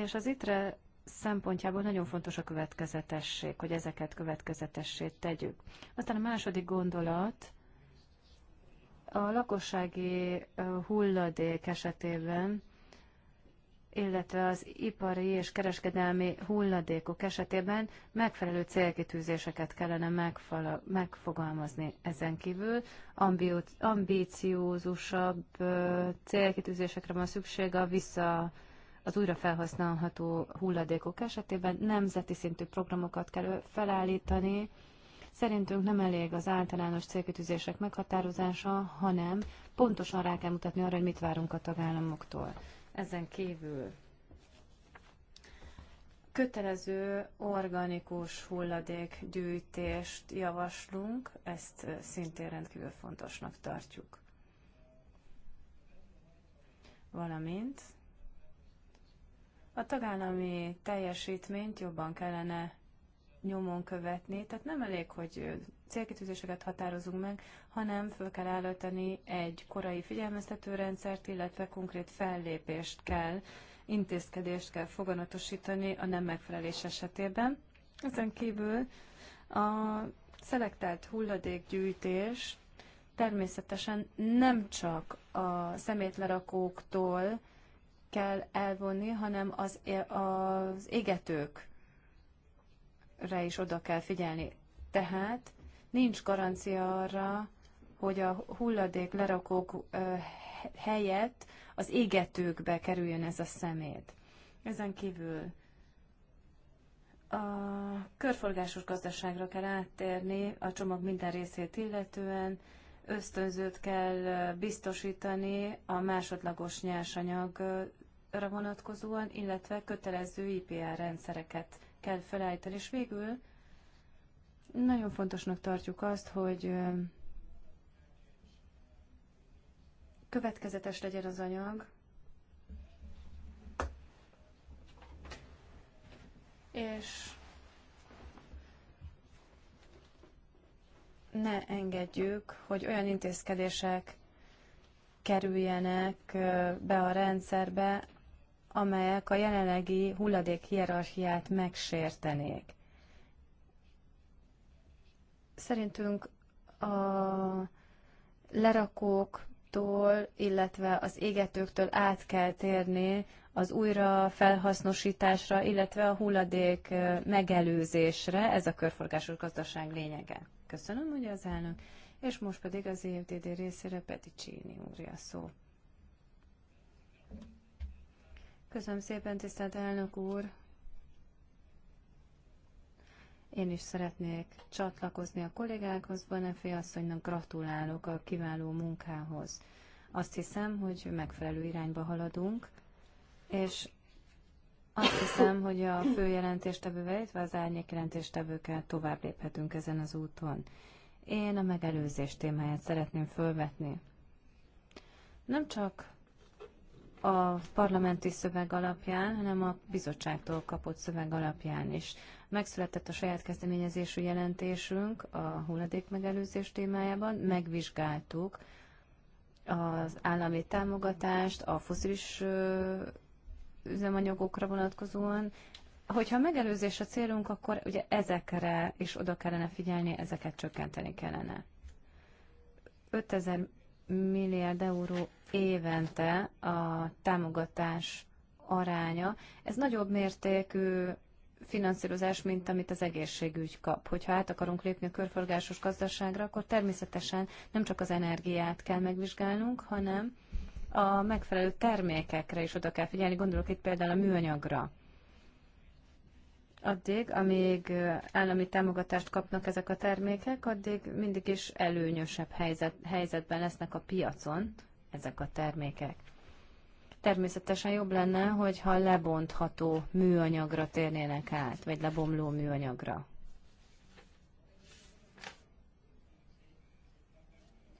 és az ITRE szempontjából nagyon fontos a következetesség, hogy ezeket következetessé tegyük. Aztán a második gondolat, a lakossági hulladék esetében, illetve az ipari és kereskedelmi hulladékok esetében megfelelő célkitűzéseket kellene megfala, megfogalmazni. Ezen kívül Ambiciózusabb célkitűzésekre van szükség a vissza az újrafelhasználható hulladékok esetében nemzeti szintű programokat kell felállítani. Szerintünk nem elég az általános célkitűzések meghatározása, hanem pontosan rá kell mutatni arra, hogy mit várunk a tagállamoktól. Ezen kívül kötelező organikus hulladékgyűjtést javaslunk, ezt szintén rendkívül fontosnak tartjuk. Valamint a tagállami teljesítményt jobban kellene nyomon követni, tehát nem elég, hogy célkitűzéseket határozunk meg, hanem föl kell állítani egy korai figyelmeztető rendszert, illetve konkrét fellépést kell, intézkedést kell foganatosítani a nem megfelelés esetében. Ezen kívül a szelektált hulladékgyűjtés természetesen nem csak a szemétlerakóktól, kell elvonni, hanem az, az égetőkre is oda kell figyelni. Tehát nincs garancia arra, hogy a hulladék lerakók helyett az égetőkbe kerüljön ez a szemét. Ezen kívül a körforgásos gazdaságra kell áttérni a csomag minden részét illetően, ösztönzőt kell biztosítani a másodlagos nyersanyag vonatkozóan, illetve kötelező IPR rendszereket kell felállítani. És végül nagyon fontosnak tartjuk azt, hogy következetes legyen az anyag, és ne engedjük, hogy olyan intézkedések kerüljenek be a rendszerbe, amelyek a jelenlegi hulladék hierarchiát megsértenék. Szerintünk a lerakóktól, illetve az égetőktől át kell térni az újra felhasznosításra, illetve a hulladék megelőzésre. Ez a körforgásos gazdaság lényege. Köszönöm, hogy az elnök. És most pedig az EFDD részére Peti Csíni úrja szó. Köszönöm szépen, tisztelt elnök úr! Én is szeretnék csatlakozni a kollégákhoz, Bonnefi asszonynak gratulálok a kiváló munkához. Azt hiszem, hogy megfelelő irányba haladunk, és azt hiszem, hogy a fő jelentéstevővel, illetve az árnyék jelentéstevőkkel tovább léphetünk ezen az úton. Én a megelőzés témáját szeretném fölvetni. Nem csak a parlamenti szöveg alapján, hanem a bizottságtól kapott szöveg alapján is. Megszületett a saját kezdeményezésű jelentésünk a hulladékmegelőzés témájában, megvizsgáltuk az állami támogatást, a foszilis üzemanyagokra vonatkozóan. Hogyha megelőzés a célunk, akkor ugye ezekre is oda kellene figyelni, ezeket csökkenteni kellene. 5000 milliárd euró évente a támogatás aránya. Ez nagyobb mértékű finanszírozás, mint amit az egészségügy kap. Hogyha át akarunk lépni a körforgásos gazdaságra, akkor természetesen nem csak az energiát kell megvizsgálnunk, hanem a megfelelő termékekre is oda kell figyelni. Gondolok itt például a műanyagra addig, amíg állami támogatást kapnak ezek a termékek, addig mindig is előnyösebb helyzet, helyzetben lesznek a piacon ezek a termékek. Természetesen jobb lenne, hogyha lebontható műanyagra térnének át, vagy lebomló műanyagra.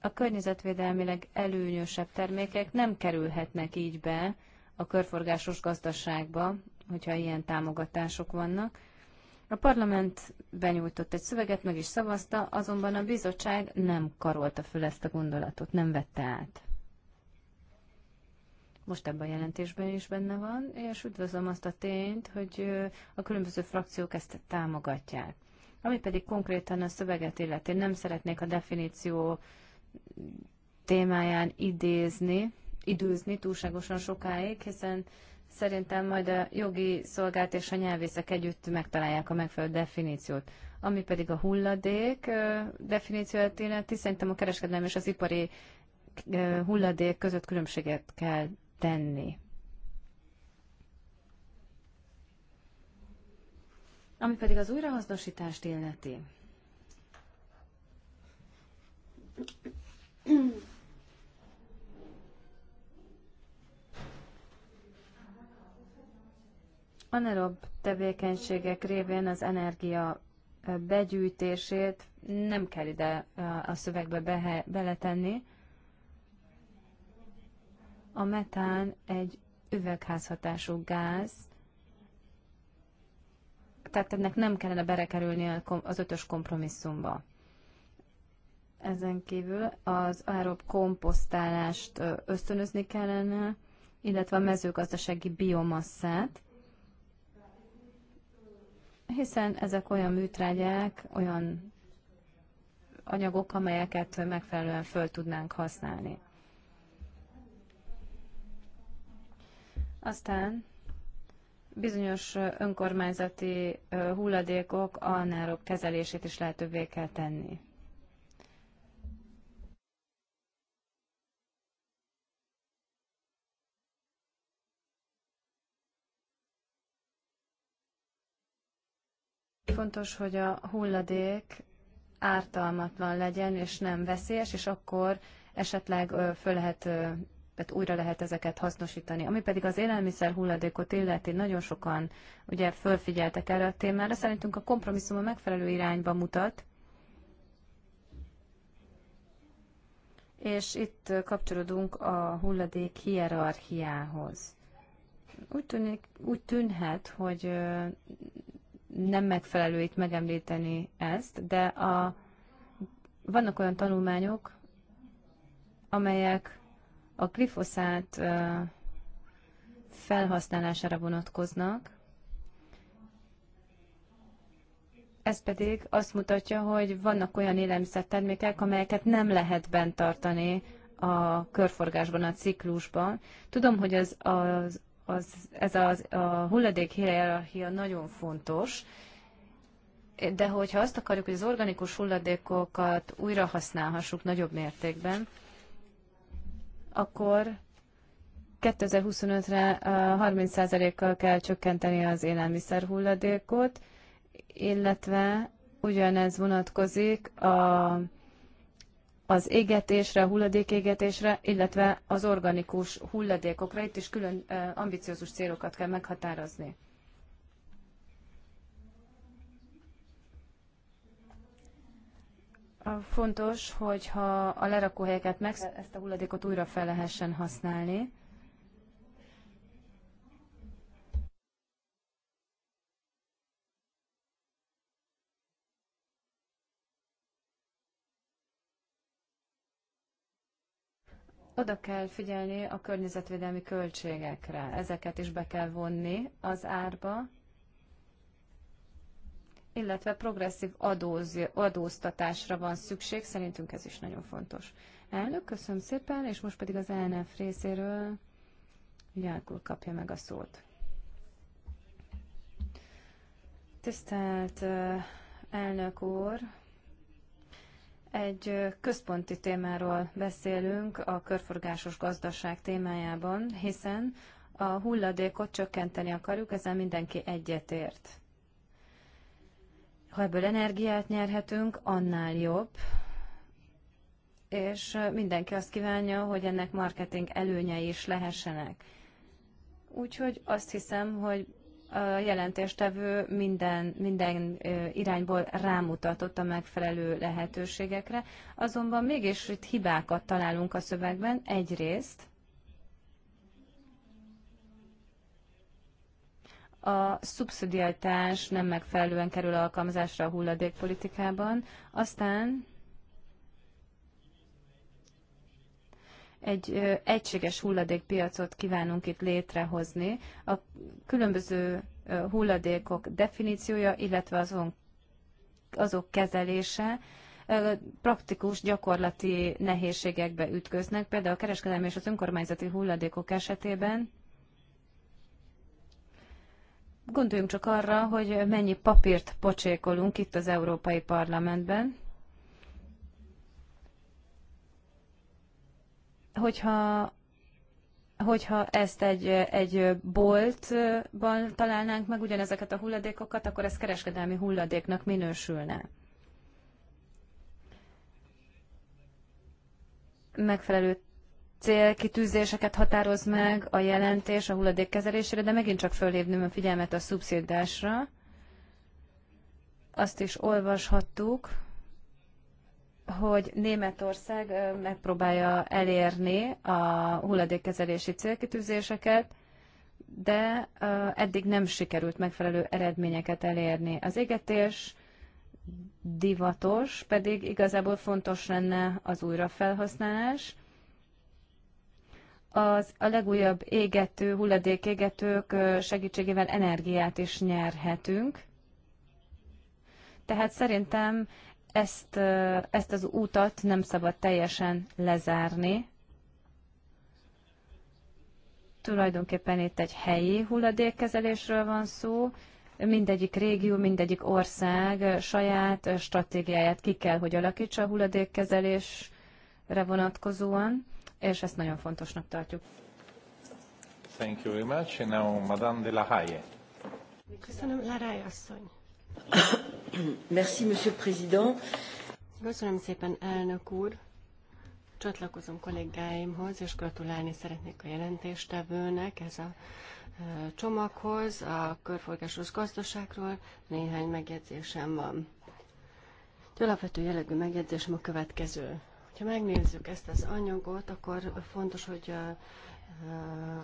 A környezetvédelmileg előnyösebb termékek nem kerülhetnek így be a körforgásos gazdaságba, hogyha ilyen támogatások vannak. A parlament benyújtott egy szöveget, meg is szavazta, azonban a bizottság nem karolta föl ezt a gondolatot, nem vette át. Most ebben a jelentésben is benne van, és üdvözlöm azt a tényt, hogy a különböző frakciók ezt támogatják. Ami pedig konkrétan a szöveget illeti, nem szeretnék a definíció témáján idézni, időzni túlságosan sokáig, hiszen Szerintem majd a jogi szolgált és a nyelvészek együtt megtalálják a megfelelő definíciót. Ami pedig a hulladék definícióját illeti, szerintem a kereskedelmi és az ipari hulladék között különbséget kell tenni. Ami pedig az újrahasznosítást illeti. anaerob tevékenységek révén az energia begyűjtését nem kell ide a szövegbe behe, beletenni. A metán egy üvegházhatású gáz, tehát ennek nem kellene berekerülni az ötös kompromisszumba. Ezen kívül az aerob komposztálást ösztönözni kellene, illetve a mezőgazdasági biomasszát, hiszen ezek olyan műtrágyák, olyan anyagok, amelyeket megfelelően föl tudnánk használni. Aztán bizonyos önkormányzati hulladékok anárok kezelését is lehetővé kell tenni. Fontos, hogy a hulladék ártalmatlan legyen, és nem veszélyes, és akkor esetleg föl lehet, tehát újra lehet ezeket hasznosítani. Ami pedig az élelmiszer hulladékot illeti, nagyon sokan ugye fölfigyeltek erre a témára. Szerintünk a kompromisszum a megfelelő irányba mutat, és itt kapcsolódunk a hulladék hierarchiához. Úgy, tűnik, úgy tűnhet, hogy nem megfelelő itt megemlíteni ezt, de a, vannak olyan tanulmányok, amelyek a glifoszát felhasználására vonatkoznak, ez pedig azt mutatja, hogy vannak olyan élelmiszertermékek, amelyeket nem lehet bent tartani a körforgásban, a ciklusban. Tudom, hogy az, az az, ez az, a hulladék hierarchia nagyon fontos, de hogyha azt akarjuk, hogy az organikus hulladékokat újra használhassuk nagyobb mértékben, akkor 2025-re 30%-kal kell csökkenteni az élelmiszer hulladékot, illetve ugyanez vonatkozik a az égetésre, hulladék hulladékégetésre, illetve az organikus hulladékokra. Itt is külön ambiciózus célokat kell meghatározni. Fontos, hogyha a lerakóhelyeket meg ezt a hulladékot újra fel lehessen használni. Oda kell figyelni a környezetvédelmi költségekre. Ezeket is be kell vonni az árba, illetve progresszív adóz, adóztatásra van szükség. Szerintünk ez is nagyon fontos. Elnök, köszönöm szépen, és most pedig az ELNF részéről Jákul kapja meg a szót. Tisztelt elnök úr, egy központi témáról beszélünk a körforgásos gazdaság témájában, hiszen a hulladékot csökkenteni akarjuk, ezzel mindenki egyetért. Ha ebből energiát nyerhetünk, annál jobb, és mindenki azt kívánja, hogy ennek marketing előnyei is lehessenek. Úgyhogy azt hiszem, hogy a jelentéstevő minden, minden irányból rámutatott a megfelelő lehetőségekre, azonban mégis itt hibákat találunk a szövegben. Egyrészt a szubszidiáltás nem megfelelően kerül alkalmazásra a hulladékpolitikában, aztán egy egységes hulladékpiacot kívánunk itt létrehozni. A különböző hulladékok definíciója, illetve azon, azok kezelése praktikus, gyakorlati nehézségekbe ütköznek. Például a kereskedelmi és az önkormányzati hulladékok esetében Gondoljunk csak arra, hogy mennyi papírt pocsékolunk itt az Európai Parlamentben. hogyha hogyha ezt egy, egy boltban találnánk meg ugyanezeket a hulladékokat, akkor ez kereskedelmi hulladéknak minősülne. Megfelelő célkitűzéseket határoz meg a jelentés a hulladékkezelésére, de megint csak fölhívnám a figyelmet a szubszidásra. Azt is olvashattuk, hogy Németország megpróbálja elérni a hulladékkezelési célkitűzéseket, de eddig nem sikerült megfelelő eredményeket elérni. Az égetés divatos, pedig igazából fontos lenne az újrafelhasználás. Az a legújabb égető, hulladékégetők segítségével energiát is nyerhetünk. Tehát szerintem ezt, ezt az útat nem szabad teljesen lezárni. Tulajdonképpen itt egy helyi hulladékkezelésről van szó, mindegyik régió, mindegyik ország saját stratégiáját ki kell, hogy alakítsa a hulladékkezelésre vonatkozóan, és ezt nagyon fontosnak tartjuk. Thank you very much. And now, Madame de la Haye. Köszönöm, Larály asszony. Köszönöm szépen, elnök úr. Csatlakozom kollégáimhoz, és gratulálni szeretnék a jelentéstevőnek ez a e, csomaghoz, a körforgásos gazdaságról néhány megjegyzésem van. Egy alapvető jellegű megjegyzésem a következő. Ha megnézzük ezt az anyagot, akkor fontos, hogy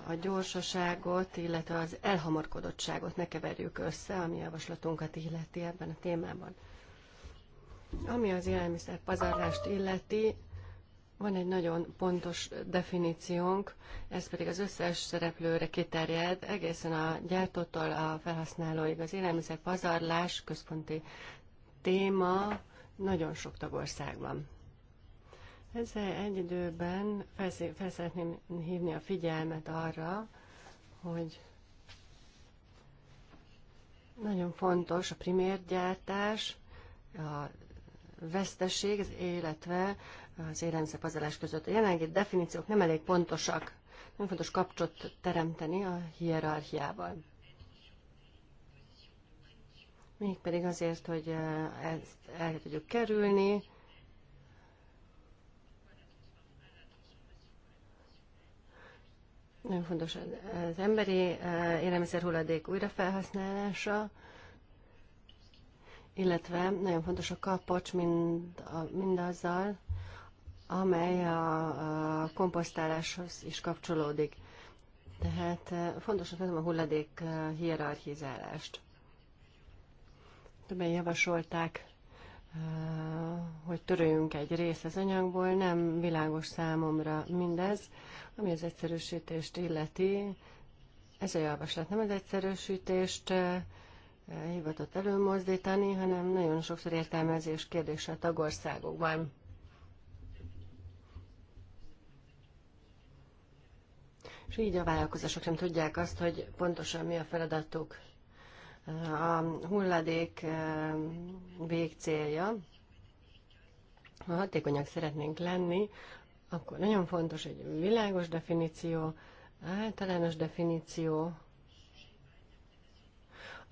a gyorsaságot, illetve az elhamarkodottságot ne keverjük össze, ami javaslatunkat illeti ebben a témában. Ami az élelmiszer pazarlást illeti, van egy nagyon pontos definíciónk, ez pedig az összes szereplőre kiterjed, egészen a gyártótól a felhasználóig. Az élelmiszer pazarlás központi téma nagyon sok tagországban. Ezzel egy időben fel szeretném hívni a figyelmet arra, hogy nagyon fontos a primérgyártás, a veszteség, illetve az élelmiszerpazarlás között. A jelenlegi definíciók nem elég pontosak. Nagyon fontos kapcsot teremteni a hierarchiában. Mégpedig azért, hogy eh, ezt el tudjuk kerülni, Nagyon fontos az emberi eh, élelmiszer hulladék újrafelhasználása, illetve nagyon fontos a kapocs mind, a, mindazzal, amely a, a komposztáláshoz is kapcsolódik. Tehát eh, fontos tartom a hulladék eh, hierarchizálást. Többen javasolták, hogy törőjünk egy részt az anyagból, nem világos számomra mindez. Ami az egyszerűsítést illeti, ez a javaslat nem az egyszerűsítést eh, hivatott előmozdítani, hanem nagyon sokszor értelmezés kérdése a tagországokban. És így a vállalkozások nem tudják azt, hogy pontosan mi a feladatuk. A hulladék eh, végcélja, ha hatékonyak szeretnénk lenni, akkor nagyon fontos egy világos definíció, általános definíció,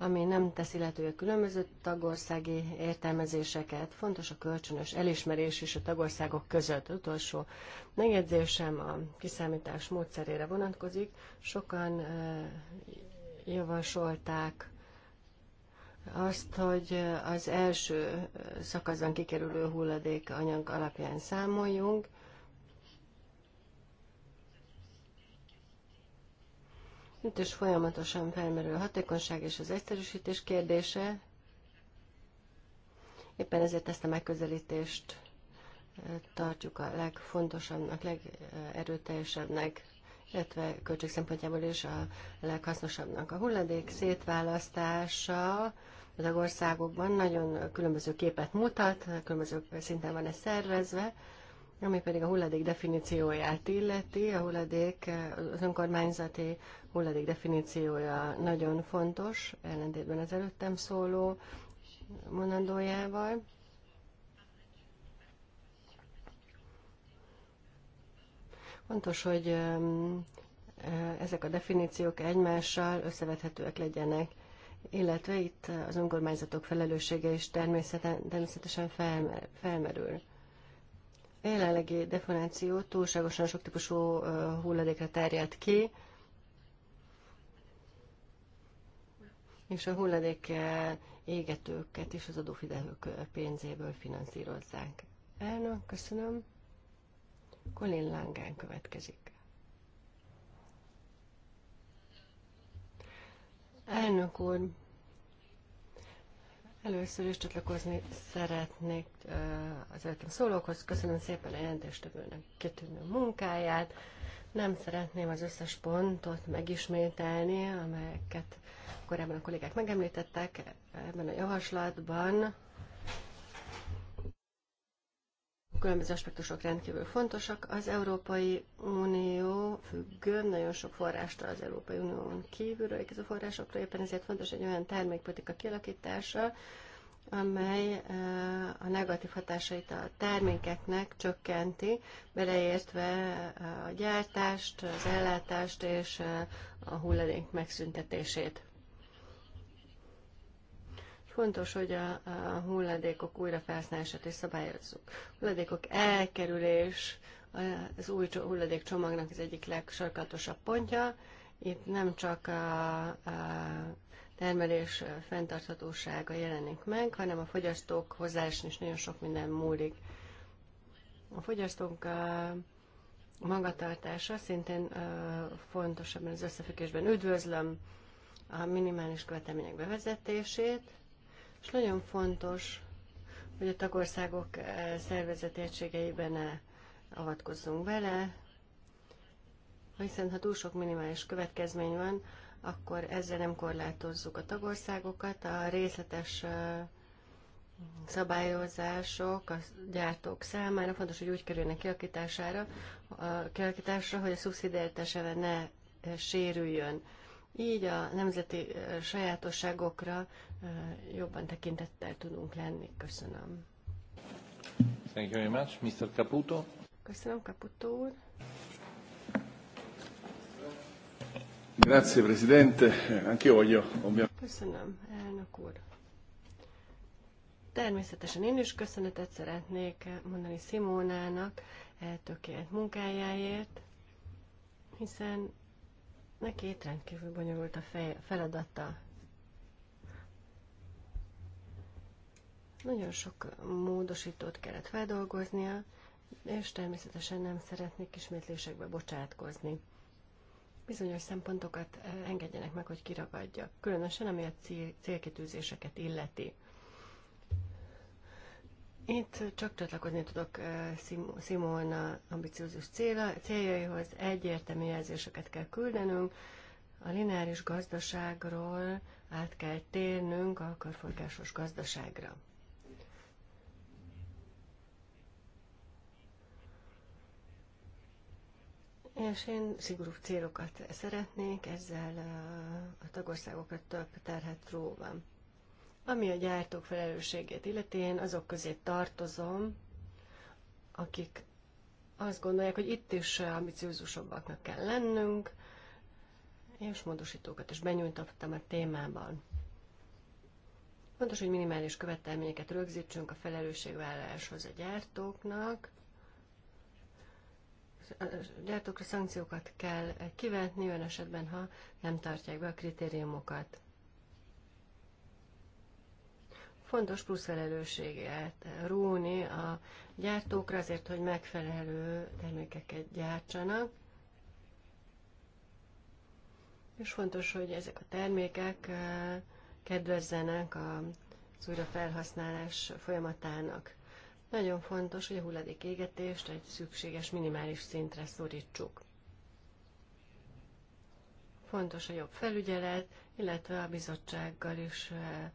ami nem teszi lehetővé a különböző tagországi értelmezéseket. Fontos a kölcsönös elismerés is a tagországok között. Utolsó megjegyzésem a kiszámítás módszerére vonatkozik. Sokan eh, javasolták azt, hogy az első szakaszban kikerülő hulladék anyag alapján számoljunk, Itt is folyamatosan felmerül a hatékonyság és az egyszerűsítés kérdése. Éppen ezért ezt a megközelítést eh, tartjuk a legfontosabbnak, legerőteljesebbnek, illetve költség szempontjából is a leghasznosabbnak. A hulladék szétválasztása az országokban nagyon különböző képet mutat, különböző szinten van ez szervezve, ami pedig a hulladék definícióját illeti, a hulladék, az önkormányzati hulladék definíciója nagyon fontos, ellentétben az előttem szóló mondandójával. Fontos, hogy ezek a definíciók egymással összevethetőek legyenek, illetve itt az önkormányzatok felelőssége is természetesen felmerül. A jelenlegi deformáció túlságosan sok típusú hulladékra terjed ki, és a hulladék égetőket is az adófizetők pénzéből finanszírozzák. Elnök, köszönöm. Colin Langán következik. Elnök úr, Először is csatlakozni szeretnék az előttem szólókhoz. Köszönöm szépen a jelentéstevőnek kitűnő munkáját. Nem szeretném az összes pontot megismételni, amelyeket korábban a kollégák megemlítettek ebben a javaslatban. különböző aspektusok rendkívül fontosak. Az Európai Unió függ, nagyon sok forrásra az Európai Unión kívülről a forrásokra, éppen ezért fontos egy olyan termékpolitika kialakítása, amely eh, a negatív hatásait a termékeknek csökkenti, beleértve eh, a gyártást, az ellátást és eh, a hulladék megszüntetését. Fontos, hogy a, a hulladékok újrafelhasználását is szabályozzuk. Hulladékok elkerülés az új hulladékcsomagnak az egyik legsarkatosabb pontja. Itt nem csak a, a termelés fenntarthatósága jelenik meg, hanem a fogyasztók hozzáesni is nagyon sok minden múlik. A fogyasztók a magatartása szintén fontos ebben az összefüggésben. Üdvözlöm a minimális követelmények bevezetését, és nagyon fontos, hogy a tagországok eh, szervezeti egységeiben ne avatkozzunk bele, hiszen ha túl sok minimális következmény van, akkor ezzel nem korlátozzuk a tagországokat. A részletes eh, szabályozások a gyártók számára fontos, hogy úgy kerülnek kialakítására, eh, kialakításra, hogy a szubszidiáltás ne sérüljön. Így a nemzeti sajátosságokra jobban tekintettel tudunk lenni. Köszönöm. Thank you very much. Mr. Caputo. Köszönöm, Caputo úr. Grazie, Presidente. Anche io ovviamente. Köszönöm, elnök úr. Természetesen én is köszönetet szeretnék mondani Simónának eltökélt munkájáért, hiszen Neki itt rendkívül bonyolult a fej, feladata. Nagyon sok módosítót kellett feldolgoznia, és természetesen nem szeretnék ismétlésekbe bocsátkozni. Bizonyos szempontokat eh, engedjenek meg, hogy kiragadjak, különösen ami a cél, célkitűzéseket illeti. Itt csak csatlakozni tudok eh, Simon ambiciózus célja, céljaihoz. Egyértelmű jelzéseket kell küldenünk. A lineáris gazdaságról át kell térnünk a körforgásos gazdaságra. És én szigorú célokat szeretnék, ezzel eh, a tagországokat több terhet róvam. Ami a gyártók felelősségét illeti, én azok közé tartozom, akik azt gondolják, hogy itt is ambiciózusabbaknak kell lennünk, és módosítókat is benyújtottam a témában. Fontos, hogy minimális követelményeket rögzítsünk a felelősségvállaláshoz a gyártóknak. A gyártókra szankciókat kell kivetni olyan esetben, ha nem tartják be a kritériumokat fontos plusz felelősséget róni a gyártókra azért, hogy megfelelő termékeket gyártsanak. És fontos, hogy ezek a termékek eh, kedvezzenek az újrafelhasználás folyamatának. Nagyon fontos, hogy a hulladék égetést egy szükséges minimális szintre szorítsuk. Fontos a jobb felügyelet, illetve a bizottsággal is eh,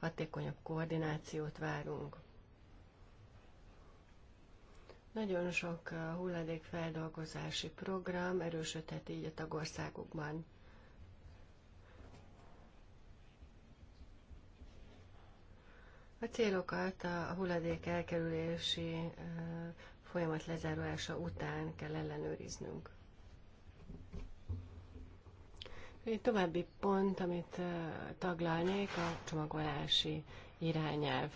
hatékonyabb koordinációt várunk. Nagyon sok uh, hulladékfeldolgozási program erősödhet így a tagországokban. A célokat a hulladék elkerülési uh, folyamat lezárulása után kell ellenőriznünk. Egy további pont, amit taglalnék, a csomagolási irányelv,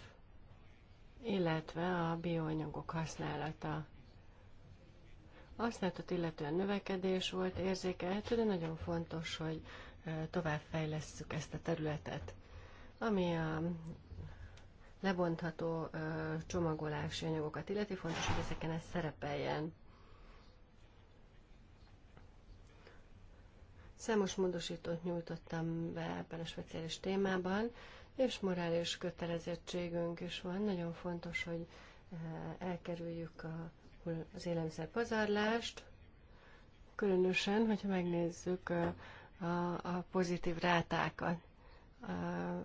illetve a bioanyagok használata. Használatot illetően növekedés volt érzékelhető, de nagyon fontos, hogy továbbfejlesszük ezt a területet. Ami a lebontható csomagolási anyagokat illeti, fontos, hogy ezeken ez szerepeljen. Számos módosítót nyújtottam be ebben a speciális témában, és morális kötelezettségünk is van. Nagyon fontos, hogy eh, elkerüljük a, az élelmiszer pazarlást, különösen, hogyha megnézzük a, eh, a, a pozitív rátákat. A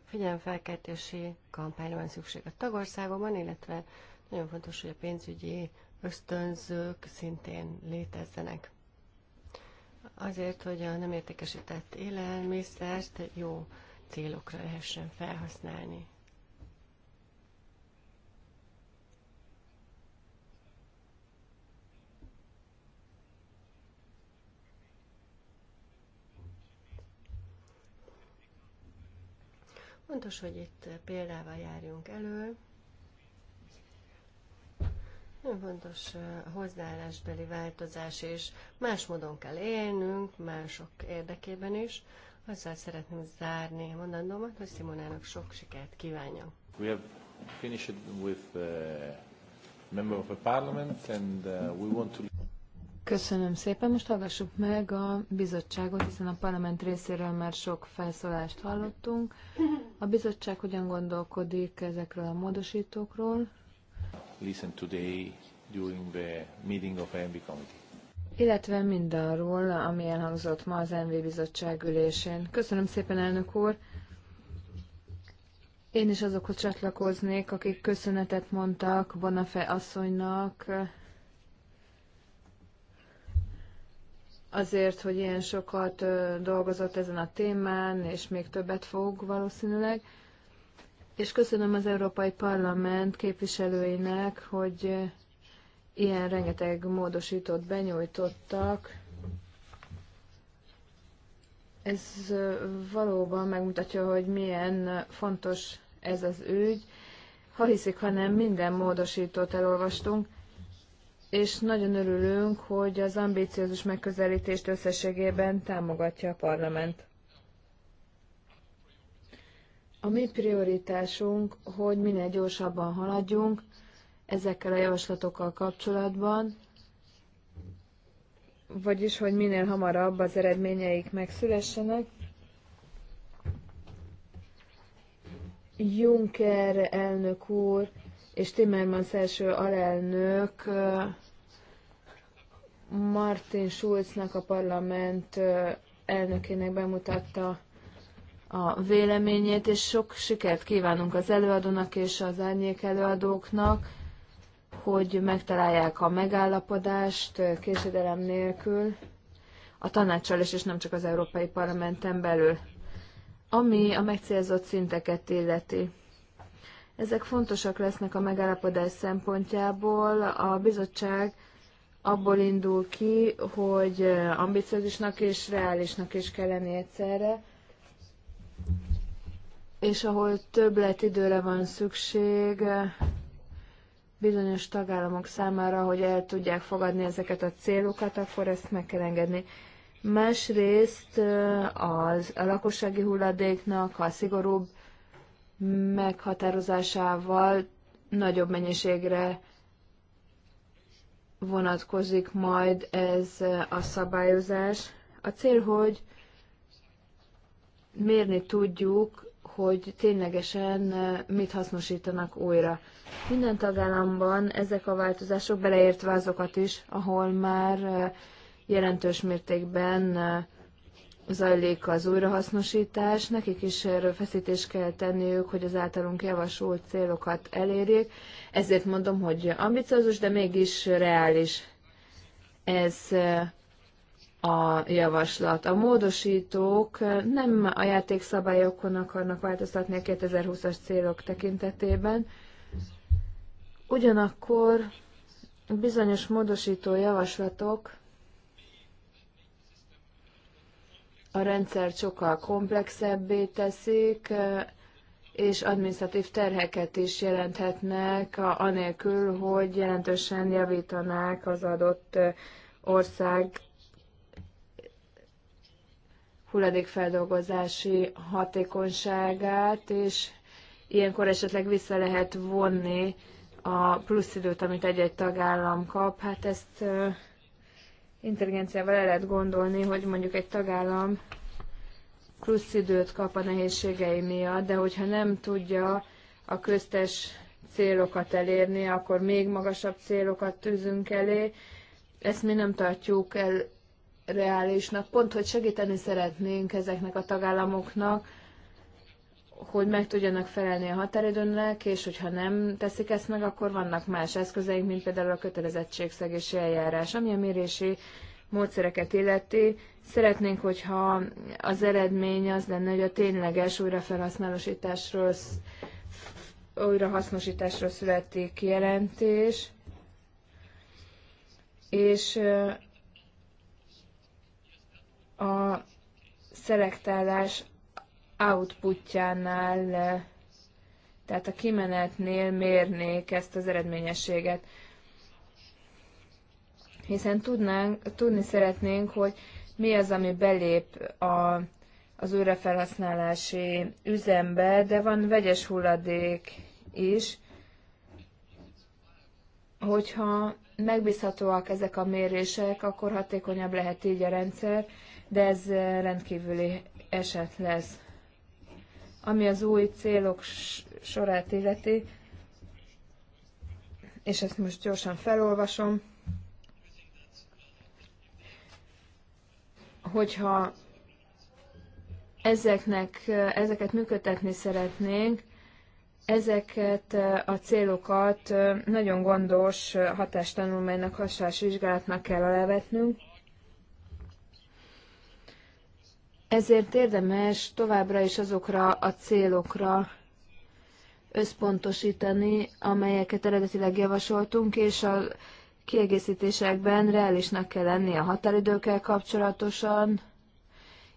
figyelemfelkeltési kampányra van szükség a tagországokban, illetve nagyon fontos, hogy a pénzügyi ösztönzők szintén létezzenek azért, hogy a nem értékesített élelmiszert jó célokra lehessen felhasználni. Fontos, hogy itt példával járjunk elő. Nagyon fontos hozzáállásbeli változás, és más módon kell élnünk, mások érdekében is. Azzal szeretném zárni a mondandómat, hogy Simonának sok sikert kívánjam. We have finished with a uh, member of a parliament and uh, we want to... Köszönöm szépen. Most hallgassuk meg a bizottságot, hiszen a parlament részéről már sok felszólást hallottunk. A bizottság hogyan gondolkodik ezekről a módosítókról? listened today during the meeting of MB committee. Illetve mindarról, ami elhangzott ma az MV bizottság ülésén. Köszönöm szépen, elnök úr! Én is azokhoz csatlakoznék, akik köszönetet mondtak Bonafé asszonynak azért, hogy ilyen sokat dolgozott ezen a témán, és még többet fog valószínűleg és köszönöm az Európai Parlament képviselőinek, hogy ilyen rengeteg módosítót benyújtottak. Ez valóban megmutatja, hogy milyen fontos ez az ügy. Ha hiszik, ha nem, minden módosítót elolvastunk, és nagyon örülünk, hogy az ambíciózus megközelítést összességében támogatja a parlament. A mi prioritásunk, hogy minél gyorsabban haladjunk ezekkel a javaslatokkal kapcsolatban, vagyis, hogy minél hamarabb az eredményeik megszülessenek. Juncker elnök úr és Timmermans első alelnök Martin Schulznak a parlament elnökének bemutatta a véleményét, és sok sikert kívánunk az előadónak és az árnyék előadóknak, hogy megtalálják a megállapodást eh, késedelem nélkül a tanácssal is, és nem csak az Európai Parlamenten belül, ami a megcélzott szinteket illeti. Ezek fontosak lesznek a megállapodás szempontjából. A bizottság abból indul ki, hogy eh, ambiciózusnak és reálisnak is kell lenni egyszerre, és ahol többlet időre van szükség bizonyos tagállamok számára, hogy el tudják fogadni ezeket a célokat, akkor ezt meg kell engedni. Másrészt az, a lakossági hulladéknak a szigorúbb meghatározásával nagyobb mennyiségre vonatkozik majd ez a szabályozás. A cél, hogy mérni tudjuk hogy ténylegesen mit hasznosítanak újra. Minden tagállamban ezek a változások beleértve azokat is, ahol már jelentős mértékben zajlik az újrahasznosítás, nekik is erőfeszítést kell tenniük, hogy az általunk javasolt célokat elérjék. Ezért mondom, hogy ambiciózus, de mégis reális. Ez a javaslat. A módosítók nem a játékszabályokon akarnak változtatni a 2020-as célok tekintetében, ugyanakkor bizonyos módosító javaslatok a rendszer sokkal komplexebbé teszik, és administratív terheket is jelenthetnek, anélkül, hogy jelentősen javítanák az adott ország hulladékfeldolgozási hatékonyságát, és ilyenkor esetleg vissza lehet vonni a plusz időt, amit egy-egy tagállam kap. Hát ezt intelligenciával el lehet gondolni, hogy mondjuk egy tagállam plusz időt kap a nehézségei miatt, de hogyha nem tudja a köztes célokat elérni, akkor még magasabb célokat tűzünk elé. Ezt mi nem tartjuk el reálisnak, pont hogy segíteni szeretnénk ezeknek a tagállamoknak, hogy meg tudjanak felelni a határidőnek, és hogyha nem teszik ezt meg, akkor vannak más eszközeik, mint például a kötelezettségszegési eljárás, ami a mérési módszereket illeti. Szeretnénk, hogyha az eredmény az lenne, hogy a tényleges újrafelhasználósításról, újrahasznosításról születik jelentés, és a szelektálás outputjánál, tehát a kimenetnél mérnék ezt az eredményességet. Hiszen tudnánk, tudni szeretnénk, hogy mi az, ami belép a, az újrafelhasználási üzembe, de van vegyes hulladék is, hogyha megbízhatóak ezek a mérések, akkor hatékonyabb lehet így a rendszer, de ez rendkívüli eset lesz. Ami az új célok sorát illeti, és ezt most gyorsan felolvasom, hogyha ezeknek, ezeket működtetni szeretnénk, ezeket a célokat nagyon gondos hatástanulmánynak, hasonlás vizsgálatnak kell alávetnünk, Ezért érdemes továbbra is azokra a célokra összpontosítani, amelyeket eredetileg javasoltunk, és a kiegészítésekben reálisnak kell lenni a határidőkkel kapcsolatosan,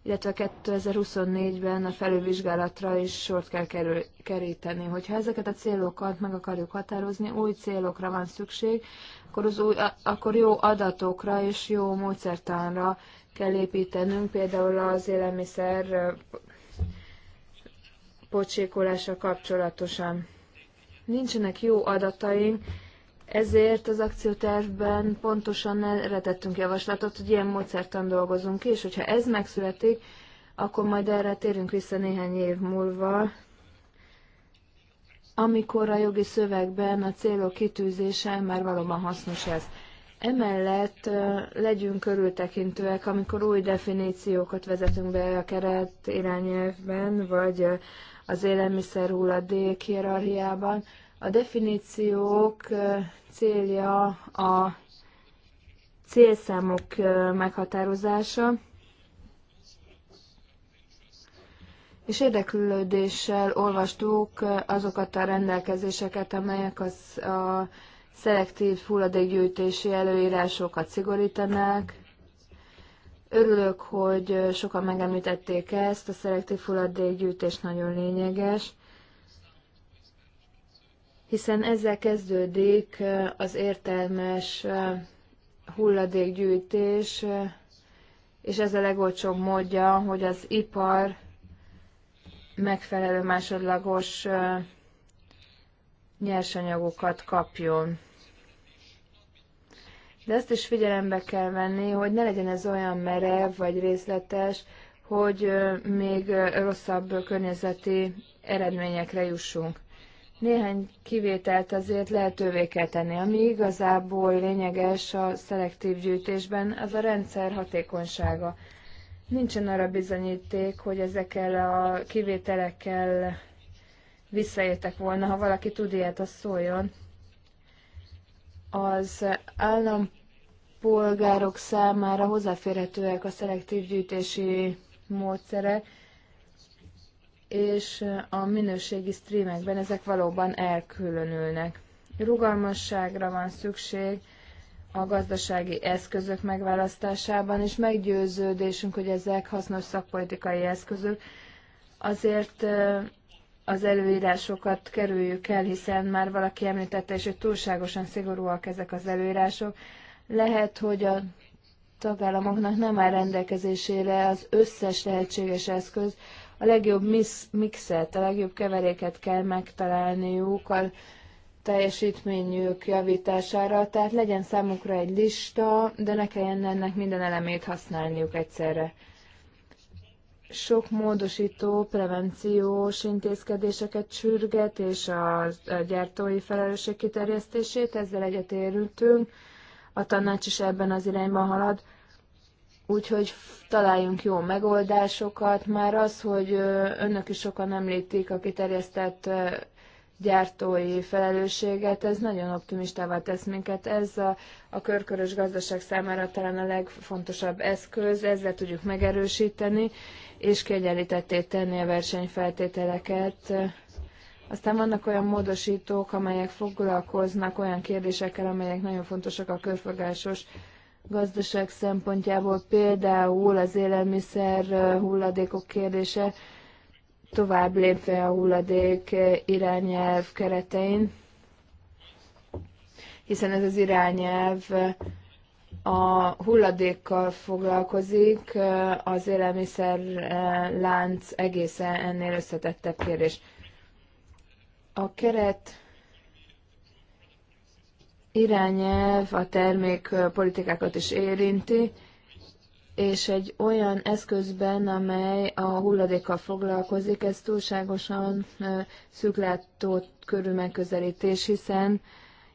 illetve 2024-ben a felülvizsgálatra is sort kell kerül, keríteni. Hogyha ezeket a célokat meg akarjuk határozni, új célokra van szükség, akkor, az új, akkor jó adatokra és jó módszertanra kell építenünk, például az élelmiszer pocsékolása kapcsolatosan. Nincsenek jó adataink, ezért az akciótervben pontosan erre tettünk javaslatot, hogy ilyen módszertan dolgozunk ki, és hogyha ez megszületik, akkor majd erre térünk vissza néhány év múlva, amikor a jogi szövegben a célok kitűzése már valóban hasznos ez. Emellett legyünk körültekintőek, amikor új definíciókat vezetünk be a keret irányelvben, vagy az élelmiszer hulladék hierarchiában, a definíciók célja a célszámok meghatározása, és érdeklődéssel olvastuk azokat a rendelkezéseket, amelyek az a szelektív hulladékgyűjtési előírásokat szigorítanák. Örülök, hogy sokan megemlítették ezt, a szelektív hulladékgyűjtés nagyon lényeges hiszen ezzel kezdődik az értelmes hulladékgyűjtés, és ez a legolcsóbb módja, hogy az ipar megfelelő másodlagos nyersanyagokat kapjon. De azt is figyelembe kell venni, hogy ne legyen ez olyan merev vagy részletes, hogy még rosszabb környezeti eredményekre jussunk. Néhány kivételt azért lehetővé kell tenni. Ami igazából lényeges a szelektív gyűjtésben, az a rendszer hatékonysága. Nincsen arra bizonyíték, hogy ezekkel a kivételekkel visszaértek volna, ha valaki tud ilyet, az szóljon. Az állampolgárok számára hozzáférhetőek a szelektív gyűjtési módszerek, és a minőségi streamekben ezek valóban elkülönülnek. Rugalmasságra van szükség a gazdasági eszközök megválasztásában, és meggyőződésünk, hogy ezek hasznos szakpolitikai eszközök. Azért az előírásokat kerüljük el, hiszen már valaki említette és hogy túlságosan szigorúak ezek az előírások. Lehet, hogy a tagállamoknak nem áll rendelkezésére az összes lehetséges eszköz, a legjobb mixet, a legjobb keveréket kell megtalálniuk a teljesítményük javítására, tehát legyen számukra egy lista, de ne kelljen ennek minden elemét használniuk egyszerre. Sok módosító prevenciós intézkedéseket sürget, és a gyártói felelősség kiterjesztését, ezzel egyetértünk. A tanács is ebben az irányban halad Úgyhogy találjunk jó megoldásokat. Már az, hogy önök is sokan említik a kiterjesztett gyártói felelősséget, ez nagyon optimistává tesz minket. Ez a, a körkörös gazdaság számára talán a legfontosabb eszköz, ezzel tudjuk megerősíteni, és kiegyenlítetté tenni a versenyfeltételeket. Aztán vannak olyan módosítók, amelyek foglalkoznak olyan kérdésekkel, amelyek nagyon fontosak a körforgásos gazdaság szempontjából, például az élelmiszer hulladékok kérdése, tovább lépve a hulladék irányelv keretein, hiszen ez az irányelv a hulladékkal foglalkozik, az élelmiszer lánc egészen ennél összetettebb kérdés. A keret irányelv a termékpolitikákat is érinti, és egy olyan eszközben, amely a hulladékkal foglalkozik, ez túlságosan szűklátó körű megközelítés, hiszen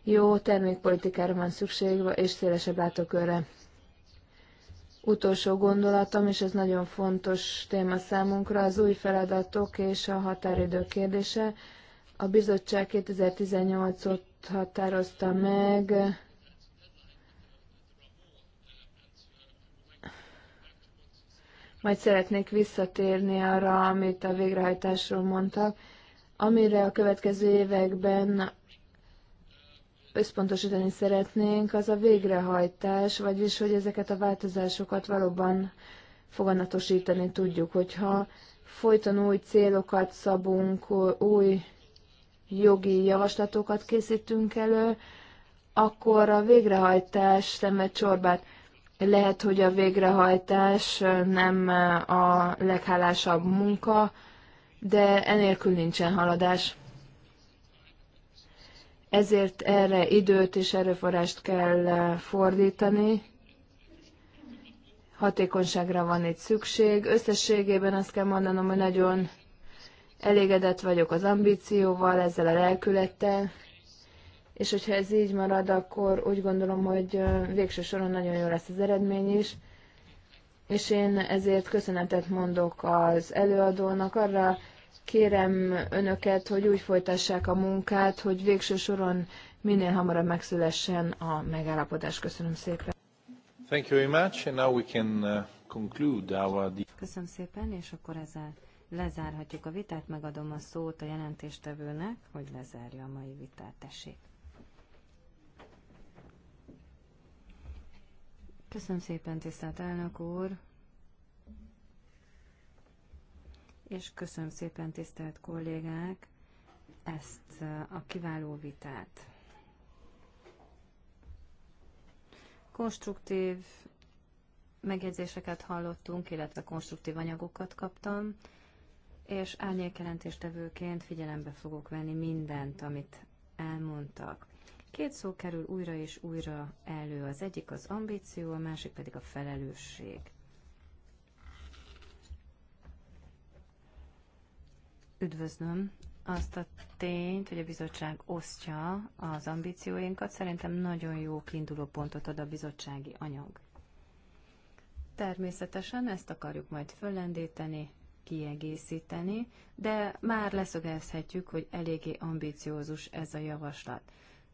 jó termékpolitikára van szükség, és szélesebb látókörre. Utolsó gondolatom, és ez nagyon fontos téma számunkra, az új feladatok és a határidő kérdése. A bizottság 2018 óta határozta meg, majd szeretnék visszatérni arra, amit a végrehajtásról mondtak, amire a következő években összpontosítani szeretnénk, az a végrehajtás, vagyis hogy ezeket a változásokat valóban foganatosítani tudjuk, hogyha folyton új célokat szabunk, új jogi javaslatokat készítünk elő, akkor a végrehajtás szemet csorbát. Lehet, hogy a végrehajtás nem a leghálásabb munka, de enélkül nincsen haladás. Ezért erre időt és erőforrást kell fordítani. Hatékonyságra van itt szükség. Összességében azt kell mondanom, hogy nagyon Elégedett vagyok az ambícióval, ezzel a lelkülettel, és hogyha ez így marad, akkor úgy gondolom, hogy végső soron nagyon jó lesz az eredmény is, és én ezért köszönetet mondok az előadónak, arra kérem önöket, hogy úgy folytassák a munkát, hogy végső soron minél hamarabb megszülessen a megállapodás. Köszönöm szépen. Thank you very much, and now we can uh, conclude our... Köszönöm szépen, és akkor ezzel lezárhatjuk a vitát, megadom a szót a jelentéstevőnek, hogy lezárja a mai vitát, tessék. Köszönöm szépen, tisztelt elnök úr, és köszönöm szépen, tisztelt kollégák, ezt a kiváló vitát. Konstruktív megjegyzéseket hallottunk, illetve konstruktív anyagokat kaptam és árnyékjelentéstevőként figyelembe fogok venni mindent, amit elmondtak. Két szó kerül újra és újra elő. Az egyik az ambíció, a másik pedig a felelősség. Üdvözlöm azt a tényt, hogy a bizottság osztja az ambícióinkat. Szerintem nagyon jó kiinduló pontot ad a bizottsági anyag. Természetesen ezt akarjuk majd föllendíteni, kiegészíteni, de már leszögezhetjük, hogy eléggé ambiciózus ez a javaslat.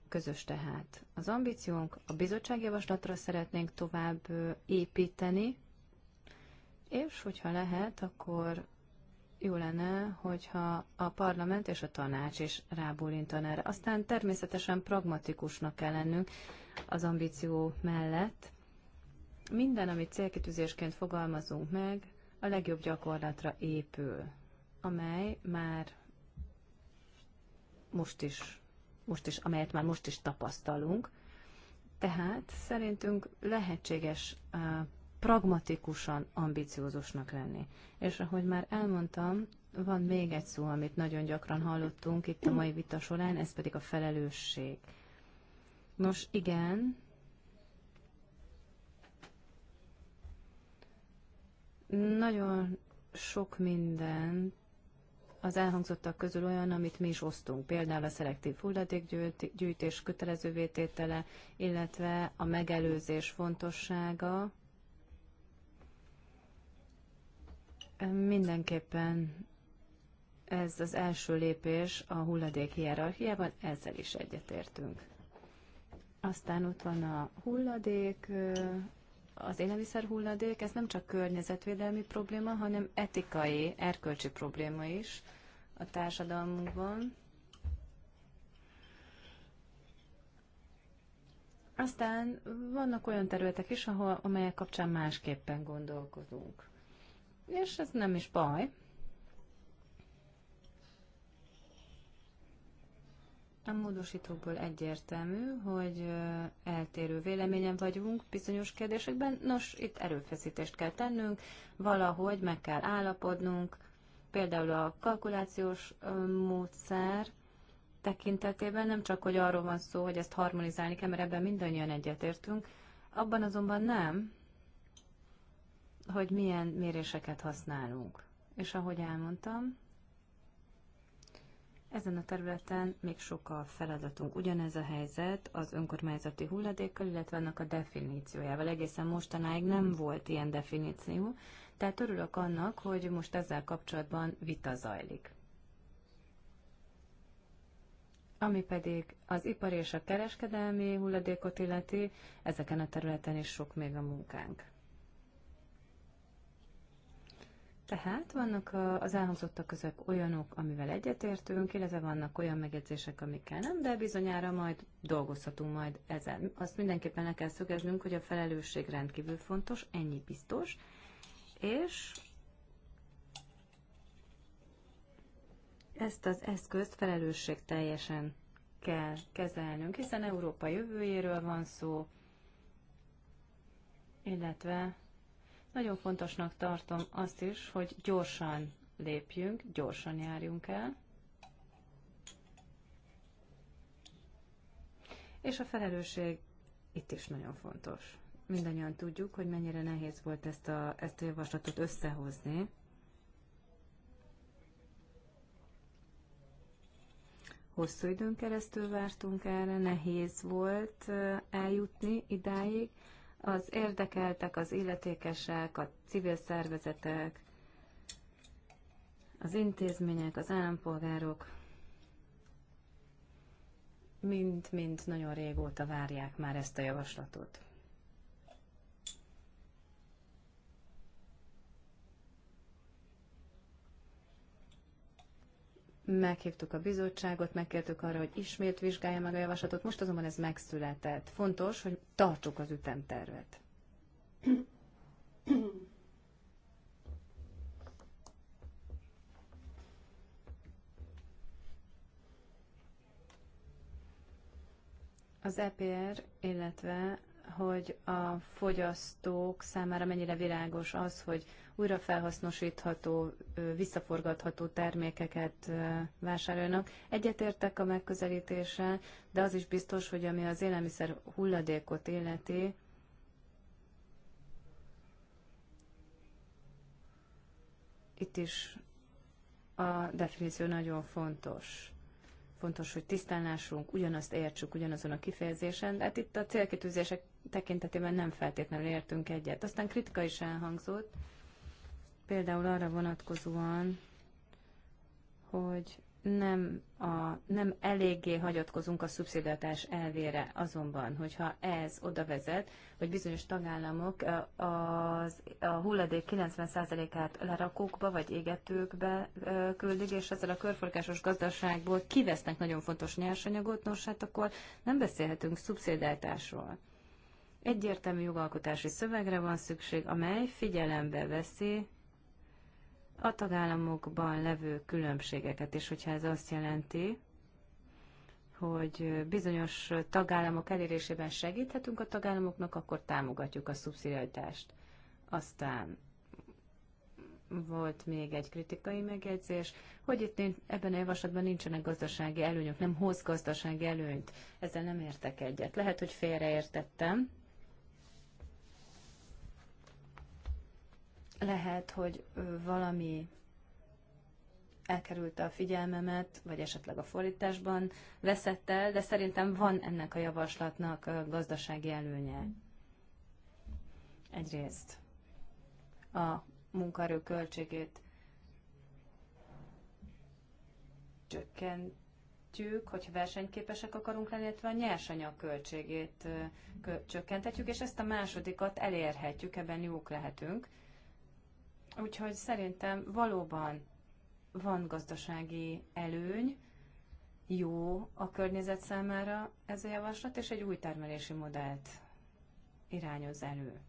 Közös tehát az ambíciónk, a bizottság javaslatra szeretnénk tovább építeni, és hogyha lehet, akkor jó lenne, hogyha a parlament és a tanács is rábólintan erre. Aztán természetesen pragmatikusnak kell lennünk az ambíció mellett. Minden, amit célkitűzésként fogalmazunk meg, a legjobb gyakorlatra épül, amely már most is, most is, amelyet már most is tapasztalunk. Tehát szerintünk lehetséges pragmatikusan ambiciózusnak lenni. És ahogy már elmondtam, van még egy szó, amit nagyon gyakran hallottunk itt a mai vita során, ez pedig a felelősség. Nos, igen, Nagyon sok minden az elhangzottak közül olyan, amit mi is osztunk, például a szelektív hulladékgyűjtés kötelezővé tétele, illetve a megelőzés fontossága. Mindenképpen ez az első lépés a hulladék hierarchiában, ezzel is egyetértünk. Aztán ott van a hulladék az élelmiszer hulladék, ez nem csak környezetvédelmi probléma, hanem etikai, erkölcsi probléma is a társadalmunkban. Aztán vannak olyan területek is, ahol, amelyek kapcsán másképpen gondolkozunk És ez nem is baj, A módosítókból egyértelmű, hogy eltérő véleményen vagyunk bizonyos kérdésekben. Nos, itt erőfeszítést kell tennünk, valahogy meg kell állapodnunk, például a kalkulációs módszer tekintetében nem csak, hogy arról van szó, hogy ezt harmonizálni kell, mert ebben mindannyian egyetértünk, abban azonban nem, hogy milyen méréseket használunk. És ahogy elmondtam, ezen a területen még sok a feladatunk. Ugyanez a helyzet az önkormányzati hulladékkal, illetve annak a definíciójával. Egészen mostanáig nem volt ilyen definíció, tehát örülök annak, hogy most ezzel kapcsolatban vita zajlik. Ami pedig az ipar és a kereskedelmi hulladékot illeti, ezeken a területen is sok még a munkánk. Tehát vannak az elhangzottak között olyanok, amivel egyetértünk, illetve vannak olyan megjegyzések, amikkel nem, de bizonyára majd dolgozhatunk majd ezen. Azt mindenképpen le kell szögeznünk, hogy a felelősség rendkívül fontos, ennyi biztos, és ezt az eszközt felelősség teljesen kell kezelnünk, hiszen Európa jövőjéről van szó, illetve nagyon fontosnak tartom azt is, hogy gyorsan lépjünk, gyorsan járjunk el. És a felelősség itt is nagyon fontos. Mindannyian tudjuk, hogy mennyire nehéz volt ezt a, ezt a javaslatot összehozni. Hosszú időn keresztül vártunk erre, nehéz volt eh, eljutni idáig, az érdekeltek, az illetékesek, a civil szervezetek, az intézmények, az állampolgárok mind-mind nagyon régóta várják már ezt a javaslatot. meghívtuk a bizottságot, megkértük arra, hogy ismét vizsgálja meg a javaslatot, most azonban ez megszületett. Fontos, hogy tartsuk az ütemtervet. Az EPR, illetve hogy a fogyasztók számára mennyire világos az, hogy felhasznosítható, visszaforgatható termékeket vásárolnak. Egyetértek a megközelítéssel, de az is biztos, hogy ami az élelmiszer hulladékot illeti, itt is a definíció nagyon fontos. Fontos, hogy tisztánlásunk, ugyanazt értsük, ugyanazon a kifejezésen, de hát itt a célkitűzések tekintetében nem feltétlenül értünk egyet. Aztán kritika is elhangzott, például arra vonatkozóan, hogy nem, a, nem eléggé hagyatkozunk a szubszidatás elvére azonban, hogyha ez oda vezet, hogy bizonyos tagállamok az, a hulladék 90%-át lerakókba vagy égetőkbe küldik, és ezzel a körforgásos gazdaságból kivesznek nagyon fontos nyersanyagot, nos hát akkor nem beszélhetünk szubszidáltásról. Egyértelmű jogalkotási szövegre van szükség, amely figyelembe veszi a tagállamokban levő különbségeket, és hogyha ez azt jelenti, hogy bizonyos tagállamok elérésében segíthetünk a tagállamoknak, akkor támogatjuk a szubszidiaritást. Aztán volt még egy kritikai megjegyzés, hogy itt ebben a javaslatban nincsenek gazdasági előnyök, nem hoz gazdasági előnyt. Ezzel nem értek egyet. Lehet, hogy félreértettem, Lehet, hogy valami elkerülte a figyelmemet, vagy esetleg a fordításban veszett el, de szerintem van ennek a javaslatnak a gazdasági előnye. Egyrészt a munkaerő költségét csökkentjük, hogyha versenyképesek akarunk lenni, illetve a nyersanyag költségét csökkentetjük, és ezt a másodikat elérhetjük, ebben jók lehetünk. Úgyhogy szerintem valóban van gazdasági előny, jó a környezet számára ez a javaslat, és egy új termelési modellt irányoz elő.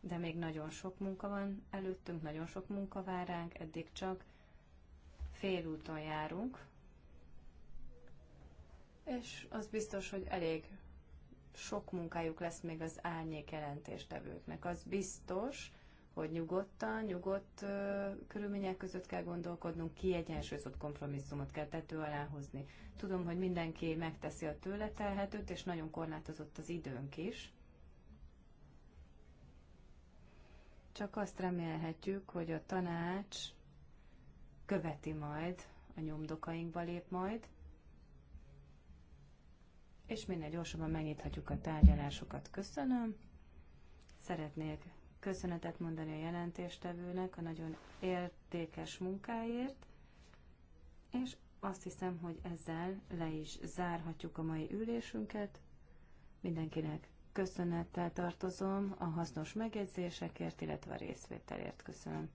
De még nagyon sok munka van előttünk, nagyon sok munka vár ránk, eddig csak félúton járunk, és az biztos, hogy elég sok munkájuk lesz még az árnyék jelentéstevőknek. Az biztos, hogy nyugodtan, nyugodt ö, körülmények között kell gondolkodnunk, kiegyensúlyozott kompromisszumot kell tető alá hozni. Tudom, hogy mindenki megteszi a tőle telhetőt, és nagyon korlátozott az időnk is. Csak azt remélhetjük, hogy a tanács követi majd, a nyomdokainkba lép majd, és minél gyorsabban megnyithatjuk a tárgyalásokat. Köszönöm. Szeretnék köszönetet mondani a jelentéstevőnek a nagyon értékes munkáért, és azt hiszem, hogy ezzel le is zárhatjuk a mai ülésünket. Mindenkinek köszönettel tartozom a hasznos megjegyzésekért, illetve a részvételért köszönöm.